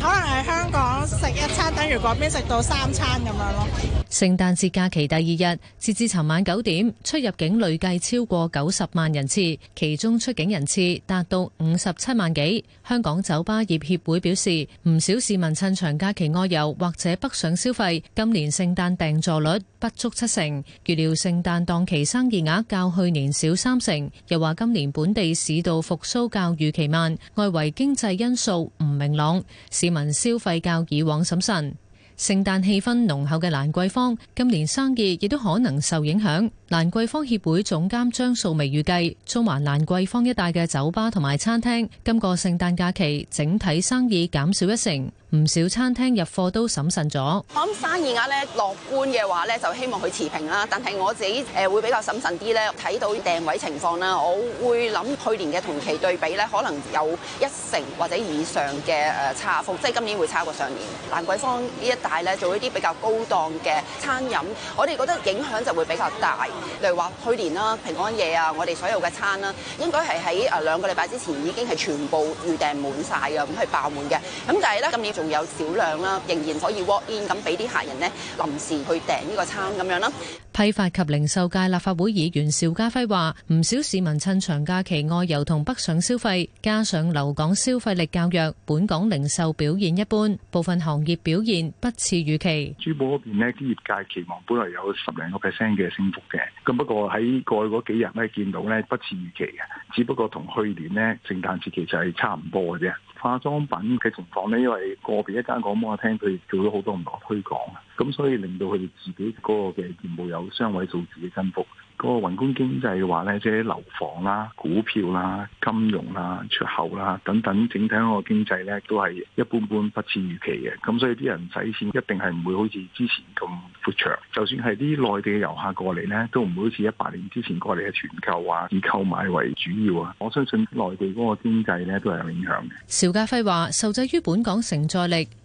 可能喺香港食一餐等於嗰邊食到三餐咁樣咯。聖誕節假期第二日，截至尋晚九點，出入境累計超過九十萬人次，其中出境人次達到五十七萬幾。香港酒吧業協會表示，唔少市民趁長假期外遊或者北上消費。今年聖誕訂座率不足七成，預料聖誕檔期生意額較去年少三成。又話今年本地市道復甦較預期慢，外圍經濟因素唔明朗，市民消費較以往審慎。聖誕氣氛濃厚嘅蘭桂坊，今年生意亦都可能受影響。蘭桂坊協會總監張素眉預計，中環蘭桂坊一帶嘅酒吧同埋餐廳，今個聖誕假期整體生意減少一成，唔少餐廳入貨都審慎咗。我生意額咧，樂觀嘅話咧，就希望佢持平啦。但係我自己誒會比較審慎啲咧，睇到訂位情況啦，我會諗去年嘅同期對比咧，可能有一成或者以上嘅誒差幅，即係今年會差過上年。蘭桂坊呢一帶咧做一啲比較高檔嘅餐飲，我哋覺得影響就會比較大。例如話去年啦，平安夜啊，我哋所有嘅餐啦，應該係喺誒兩個禮拜之前已經係全部預訂滿晒嘅，咁係爆滿嘅。咁但係咧，今年仲有少量啦，仍然可以 walk in，咁俾啲客人咧臨時去訂呢個餐咁樣啦。批發及零售界立法會議員邵家輝話：唔少市民趁長假期外遊同北上消費，加上留港消費力較弱，本港零售表現一般，部分行業表現不似預期。珠寶嗰邊呢啲業界期望本嚟，有十零個 percent 嘅升幅嘅，咁不過喺過去嗰幾日咧，見到咧不似預期嘅，只不過同去年呢聖誕節其實係差唔多嘅啫。化妝品嘅情況呢，因為個別一間廣播廳佢哋做咗好多唔同推廣，咁所以令到佢哋自己嗰個嘅業務有雙位數字嘅增幅。嗰個運工經濟嘅話咧，即係樓房啦、股票啦、金融啦、出口啦等等，整體嗰個經濟咧都係一般般，不似預期嘅。咁所以啲人使錢一定係唔會好似之前咁闊綽。就算係啲內地嘅遊客過嚟咧，都唔會好似一八年之前過嚟嘅團購啊，以購買為主要啊。我相信內地嗰個經濟咧都係有影響嘅。邵家輝話：受制於本港承載力。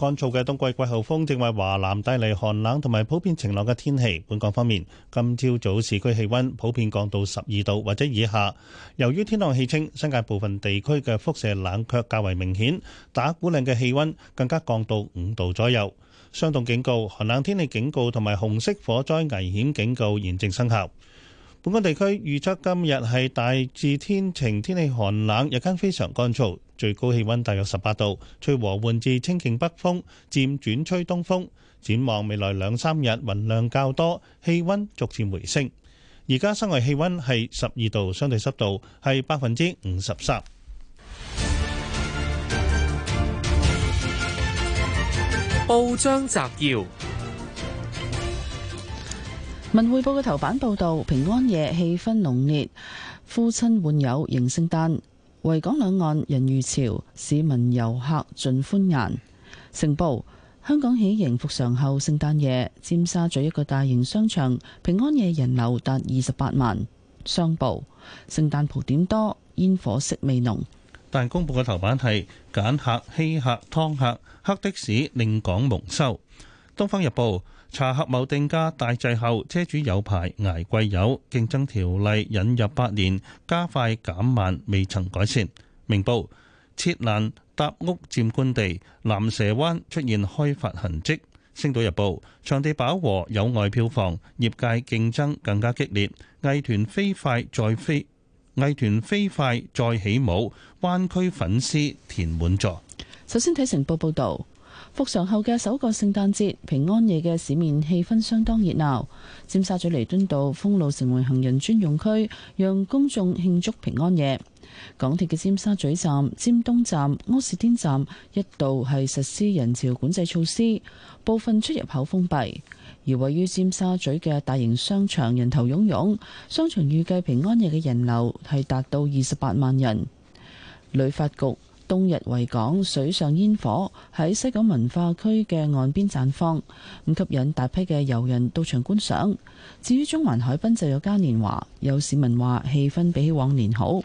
乾燥嘅冬季季候風正為華南帶嚟寒冷同埋普遍晴朗嘅天氣。本港方面，今朝早，早市區氣溫普遍降到十二度或者以下。由於天朗氣清，新界部分地區嘅輻射冷卻較為明顯，打鼓嶺嘅氣溫更加降到五度左右。霜凍警告、寒冷天氣警告同埋紅色火災危險警告現正生效。本港地區預測今日係大致天晴，天氣寒冷，日間非常乾燥，最高氣溫大約十八度，吹和緩至清勁北風，漸轉吹東風。展望未來兩三日雲量較多，氣溫逐漸回升。而家室外氣溫係十二度，相對濕度係百分之五十三。報章摘要。《文匯報》嘅頭版報道：平安夜氣氛濃烈，夫親喚友迎聖誕，維港兩岸人如潮，市民遊客盡歡顏。成報：香港喜迎復常後，聖誕夜尖沙咀一個大型商場平安夜人流達二十八萬。商報：聖誕蒲點多，煙火色味濃。但《公報》嘅頭版係：揀客欺客劏客黑的士令港蒙羞。《東方日報》查合謀定價大制後，車主有排挨貴油。競爭條例引入八年，加快減慢未曾改善。明報設難搭屋佔官地，藍蛇灣出現開發痕迹。星島日報場地飽和，有礙票房，業界競爭更加激烈。藝團飛快再飛，藝團飛快再起舞，灣區粉絲填滿座。首先睇成報報道。復常後嘅首個聖誕節，平安夜嘅市面氣氛相當熱鬧。尖沙咀彌敦道封路成為行人專用區，讓公眾慶祝平安夜。港鐵嘅尖沙咀站、尖東站、柯士甸站一度係實施人潮管制措施，部分出入口封閉。而位於尖沙咀嘅大型商場人頭湧湧，商場預計平安夜嘅人流係達到二十八萬人。旅發局。冬日維港水上煙火喺西港文化區嘅岸邊綻放，咁吸引大批嘅遊人到場觀賞。至於中環海濱就有嘉年華，有市民話氣氛比起往年好。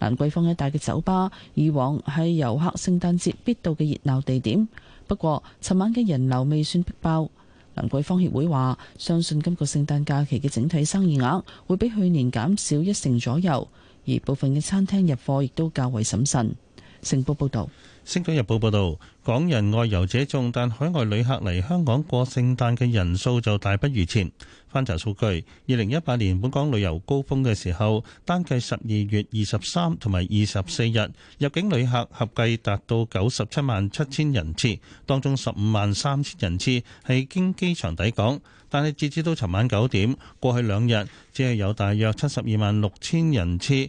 蘭桂坊一帶嘅酒吧以往係遊客聖誕節必到嘅熱鬧地點，不過尋晚嘅人流未算逼爆。蘭桂坊協會話，相信今個聖誕假期嘅整體生意額會比去年減少一成左右，而部分嘅餐廳入貨亦都較為審慎。成報報道，《星島日報》報道，港人外遊者眾，但海外旅客嚟香港過聖誕嘅人數就大不如前。翻查數據，二零一八年本港旅遊高峰嘅時候，單計十二月二十三同埋二十四日入境旅客合計達到九十七萬七千人次，當中十五萬三千人次係經機場抵港，但係截至到尋晚九點，過去兩日只係有大約七十二萬六千人次。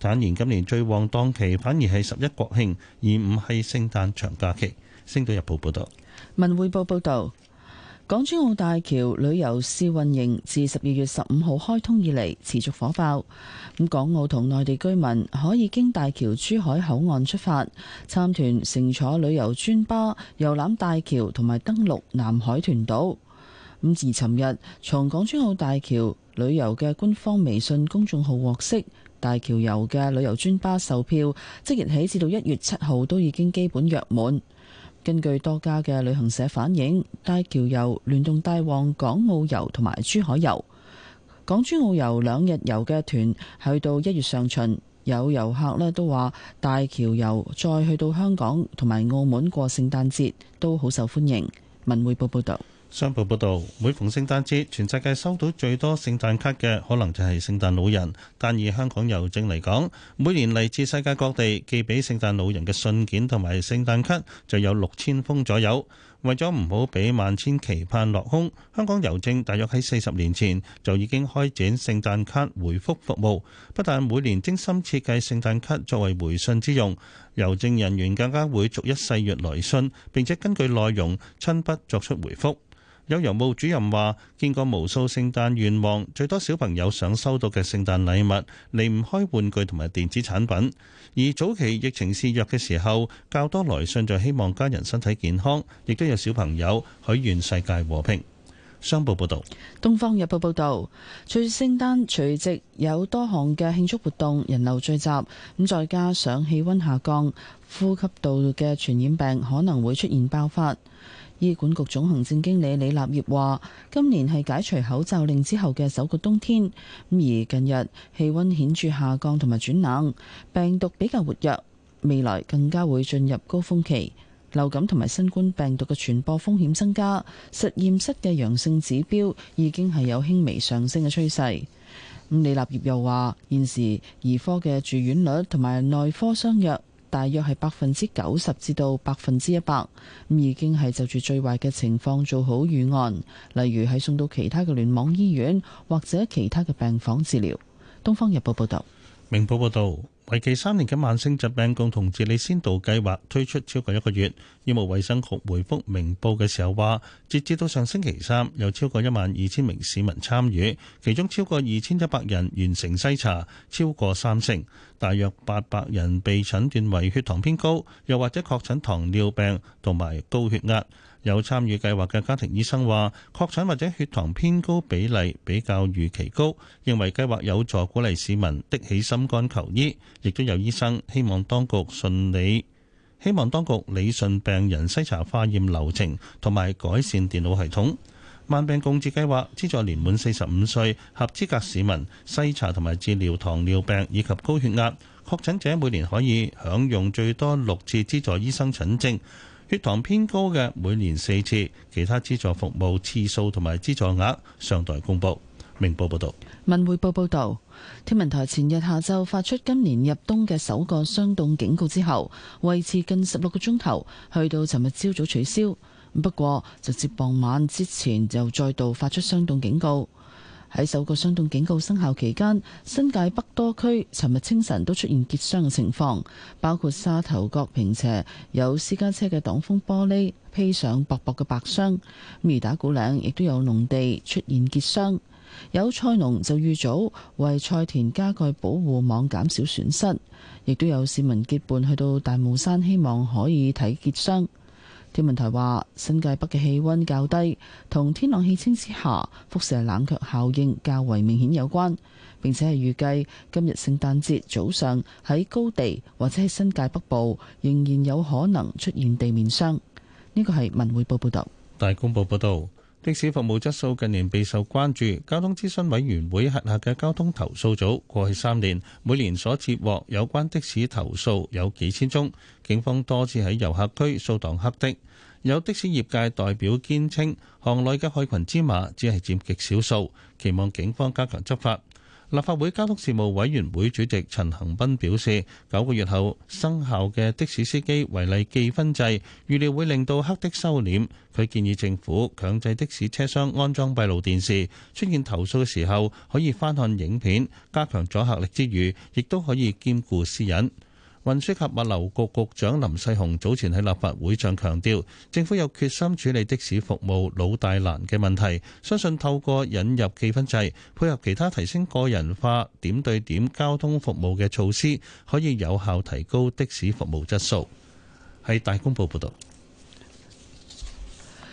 坦言今年最旺檔期反而係十一國慶，而唔係聖誕長假期。星島日報報道，文匯報報道，港珠澳大橋旅遊試運營自十二月十五號開通以嚟持續火爆。港澳同內地居民可以經大橋珠海口岸出發參團，乘坐旅遊專巴遊覽大橋同埋登陸南海羣島，五自尋日從港珠澳大橋旅遊嘅官方微信公眾號獲悉。大橋遊嘅旅遊專巴售票即日起至到一月七號都已經基本約滿。根據多家嘅旅行社反映，大橋遊聯動帶旺港澳遊同埋珠海遊港珠澳遊兩日遊嘅團係去到一月上旬，有遊客呢都話大橋遊再去到香港同埋澳門過聖誕節都好受歡迎。文匯報報道。商報報導，每逢聖誕節，全世界收到最多聖誕卡嘅可能就係聖誕老人。但以香港郵政嚟講，每年嚟自世界各地寄俾聖誕老人嘅信件同埋聖誕卡就有六千封左右。為咗唔好俾萬千期盼落空，香港郵政大約喺四十年前就已經開展聖誕卡回覆服務。不但每年精心設計聖誕卡作為回信之用，郵政人員更加會逐一細閱來信，並且根據內容親筆作出回覆。有郵務主任話：見過無數聖誕願望，最多小朋友想收到嘅聖誕禮物離唔開玩具同埋電子產品。而早期疫情肆虐嘅時候，較多來信就希望家人身體健康，亦都有小朋友許願世界和平。商報報,報報導，《東方日報》報導，隨住聖誕隨即有多項嘅慶祝活動，人流聚集，咁再加上氣温下降，呼吸道嘅傳染病可能會出現爆發。醫管局總行政經理李立業話，今年係解除口罩令之後嘅首個冬天，咁而近日氣温顯著下降同埋轉冷，病毒比較活躍，未來更加會進入高峰期，流感同埋新冠病毒嘅傳播風險增加。實驗室嘅陽性指標已經係有輕微上升嘅趨勢。咁李立業又話，現時兒科嘅住院率同埋內科相若。大約係百分之九十至到百分之一百，咁已經係就住最壞嘅情況做好預案，例如係送到其他嘅聯網醫院或者其他嘅病房治療。《東方日報》報道，明報報道。為期三年嘅慢性疾病共同治理先導計劃推出超過一個月，醫務衛生局回復明報嘅時候話，截至到上星期三，有超過一萬二千名市民參與，其中超過二千一百人完成篩查，超過三成，大約八百人被診斷為血糖偏高，又或者確診糖尿病同埋高血壓。有參與計劃嘅家庭醫生話：確診或者血糖偏高比例比較預期高，認為計劃有助鼓勵市民的起心肝求醫。亦都有醫生希望當局順理，希望當局理順病人篩查化驗流程同埋改善電腦系統。慢病共治計劃資助年滿四十五歲合資格市民篩查同埋治療糖尿病以及高血壓，確診者每年可以享用最多六次資助醫生診症。血糖偏高嘅每年四次，其他資助服務次數同埋資助額尚待公布。明報報道，文匯報報道，天文台前日下晝發出今年入冬嘅首個霜凍警告之後，維持近十六個鐘頭，去到尋日朝早取消。不過直至傍晚之前又再度發出霜凍警告。喺首個霜凍警告生效期間，新界北多區尋日清晨都出現結霜嘅情況，包括沙頭角坪輋有私家車嘅擋風玻璃披上薄薄嘅白霜。咁而打鼓嶺亦都有農地出現結霜，有菜農就預早為菜田加蓋保護網，減少損失。亦都有市民結伴去到大帽山，希望可以睇結霜。天文台話，新界北嘅氣溫較低，同天朗氣清之下輻射冷卻效應較為明顯有關，並且係預計今日聖誕節早上喺高地或者係新界北部仍然有可能出現地面霜。呢個係文匯報報道，大公報報道。的士服務質素近年備受關注，交通諮詢委員會轄下嘅交通投訴組過去三年每年所接獲有關的士投訴有幾千宗，警方多次喺遊客區掃蕩黑的，有的士業界代表堅稱行內嘅害群之馬只係佔極少數，期望警方加強執法。立法會交通事務委員會主席陳恒斌表示，九個月後生效嘅的，的士司機違例記分制，預料會令到黑的收斂。佢建議政府強制的士車廂安裝閉路電視，出現投訴嘅時候可以翻看影片，加強阻嚇力之餘，亦都可以兼顧私隱。運輸及物流局局長林世雄早前喺立法會上強調，政府有決心處理的士服務老大難嘅問題，相信透過引入記分制，配合其他提升個人化點對點交通服務嘅措施，可以有效提高的士服務質素。喺大公報報道，《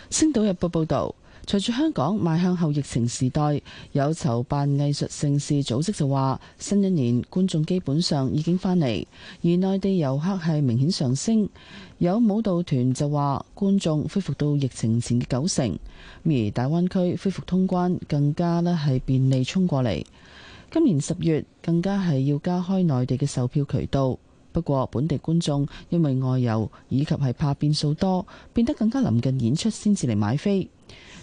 星島日報》報道。隨住香港邁向後疫情時代，有籌辦藝術盛事組織就話：新一年觀眾基本上已經返嚟，而內地遊客係明顯上升。有舞蹈團就話，觀眾恢復到疫情前嘅九成，而大灣區恢復通關更加咧係便利，衝過嚟。今年十月更加係要加開內地嘅售票渠道。不過，本地觀眾因為外遊以及係怕變數多，變得更加臨近演出先至嚟買飛。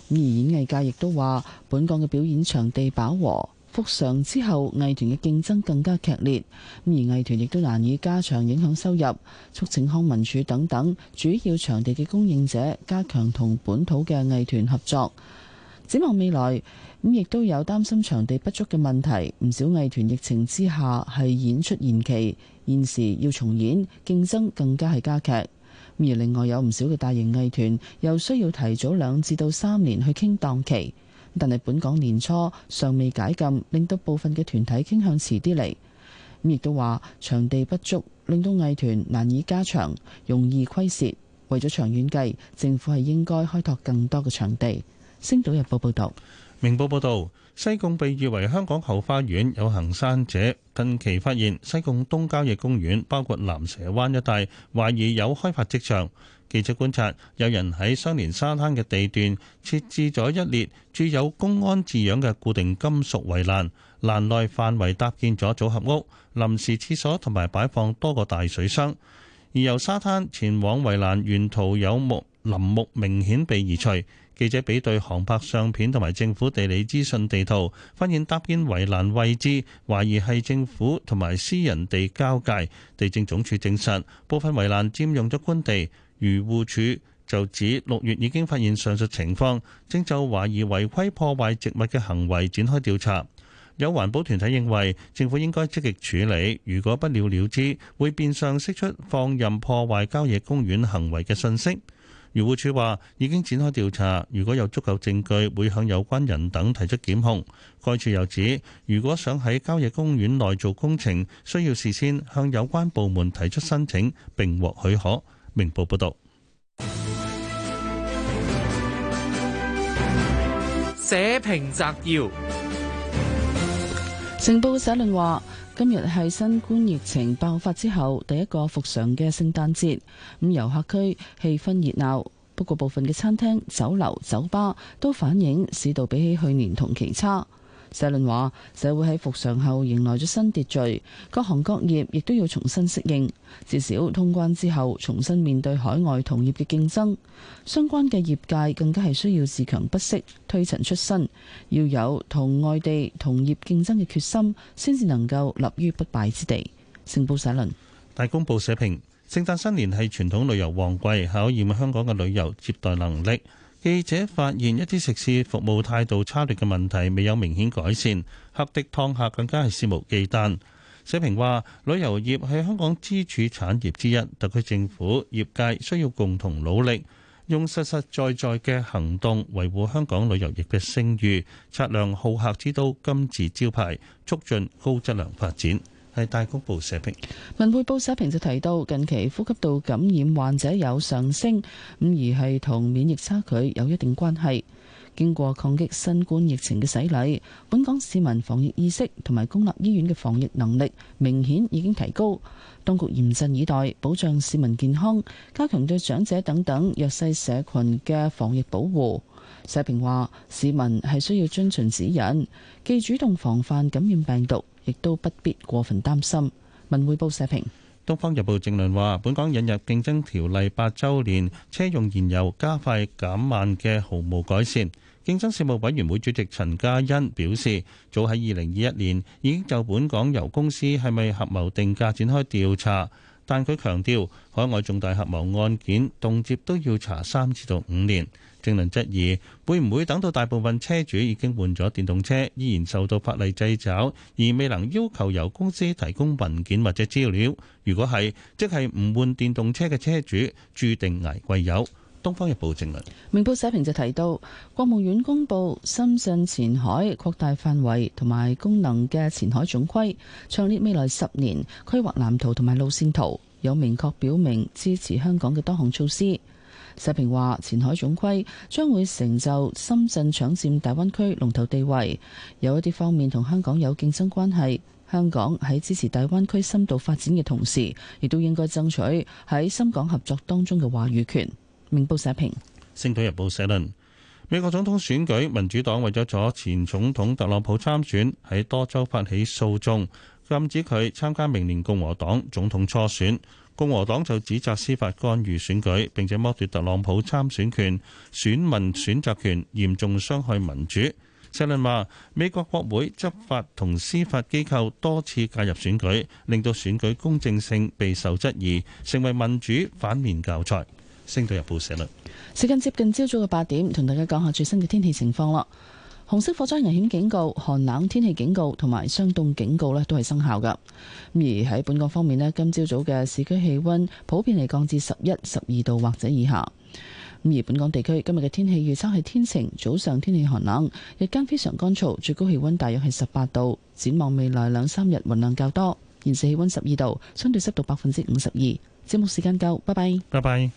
咁而演藝界亦都話，本港嘅表演場地飽和，復常之後，藝團嘅競爭更加劇烈。咁而藝團亦都難以加場影響收入，促請康文署等等主要場地嘅供應者加強同本土嘅藝團合作。展望未來，咁亦都有擔心場地不足嘅問題。唔少藝團疫情之下係演出延期，現時要重演，競爭更加係加劇。而另外有唔少嘅大型藝團又需要提早兩至到三年去傾檔期，但係本港年初尚未解禁，令到部分嘅團體傾向遲啲嚟。亦都話場地不足，令到藝團難以加場，容易虧蝕。為咗長遠計，政府係應該開拓更多嘅場地。星島日報報道。明報報導，西貢被譽為香港後花園，有行山者近期發現西貢東郊野公園包括南蛇灣一帶，懷疑有開發跡象。記者觀察，有人喺相連沙灘嘅地段設置咗一列註有公安字樣嘅固定金屬圍欄，欄內範圍搭建咗組合屋、臨時廁所同埋擺放多個大水箱。而由沙灘前往圍欄，沿途有木林木明顯被移除。記者比對航拍相片同埋政府地理資訊地圖，發現搭建圍欄位置，懷疑係政府同埋私人地交界。地政總署證實部分圍欄佔用咗官地，漁護署就指六月已經發現上述情況，正就懷疑違規破壞植物嘅行為展開調查。有環保團體認為政府應該積極處理，如果不了了之，會變相釋出放任破壞郊野公園行為嘅信息。漁護署話已經展開調查，如果有足夠證據，會向有關人等提出檢控。該處又指，如果想喺郊野公園內做工程，需要事先向有關部門提出申請並獲許可。明報報道。社評摘要。成報社論話，今日係新冠疫情爆發之後第一個復常嘅聖誕節，咁遊客區氣氛熱鬧，不過部分嘅餐廳、酒樓、酒吧都反映市道比起去年同期差。社論話，社會喺復常後迎來咗新秩序，各行各業亦都要重新適應。至少通關之後，重新面對海外同業嘅競爭，相關嘅業界更加係需要自強不息，推陳出新，要有同外地同業競爭嘅決心，先至能夠立於不敗之地。成報社論，大公報社評。聖誕新年係傳統旅遊旺季，考驗香港嘅旅遊接待能力。記者發現一啲食肆服務態度差劣嘅問題未有明顯改善，黑店劏客更加係肆無忌憚。社評話：旅遊業係香港支柱產業之一，特區政府業界需要共同努力，用實實在在嘅行動維護香港旅遊業嘅聲譽，擦亮好客之都金字招牌，促進高質量發展。係大局部社評，文匯報社評就提到，近期呼吸道感染患者有上升，咁而係同免疫差距有一定關係。經過抗擊新冠疫情嘅洗禮，本港市民防疫意識同埋公立醫院嘅防疫能力明顯已經提高。當局嚴陣以待，保障市民健康，加強對長者等等弱勢社群嘅防疫保護。社評話，市民係需要遵循指引，既主動防範感染病毒。亦都不必過分擔心。文匯報社評。《東方日報》正論話：本港引入競爭條例八週年，車用燃油加快減慢嘅毫無改善。競爭事務委員會主席陳家欣表示，早喺二零二一年已經就本港油公司係咪合謀定價展開調查，但佢強調海外重大合謀案件動輒都要查三至到五年。政論質疑會唔會等到大部分車主已經換咗電動車，依然受到法例掣肘，而未能要求由公司提供文件或者資料？如果係，即係唔換電動車嘅車主，注定挨貴油。《東方日報》政論，明報社評就提到，國務院公布深圳前海擴大範圍同埋功能嘅前海總規，暢列未來十年規劃藍圖同埋路線圖，有明確表明支持香港嘅多項措施。社評話，前海總規將會成就深圳搶佔大灣區龍頭地位，有一啲方面同香港有競爭關係。香港喺支持大灣區深度發展嘅同時，亦都應該爭取喺深港合作當中嘅話語權。明報社評，星島日報社論：7，美國總統選舉，民主黨為咗阻前總統特朗普參選，喺多州發起訴訟，禁止佢參加明年共和黨總統初選。共和黨就指責司法干預選舉，並且剝奪特朗普參選權、選民選擇權，嚴重傷害民主。社論話，美國國會、執法同司法機構多次介入選舉，令到選舉公正性備受質疑，成為民主反面教材。星島日報社論。時間接近朝早嘅八點，同大家講下最新嘅天氣情況啦。紅色火災危險警告、寒冷天氣警告同埋霜凍警告咧都係生效噶。咁而喺本港方面咧，今朝早嘅市區氣溫普遍嚟降至十一、十二度或者以下。咁而本港地區今日嘅天氣預測係天晴，早上天氣寒冷，日間非常乾燥，最高氣溫大約係十八度。展望未來兩三日雲量較多，現時氣溫十二度，相對濕度百分之五十二。節目時間夠，拜拜，拜拜。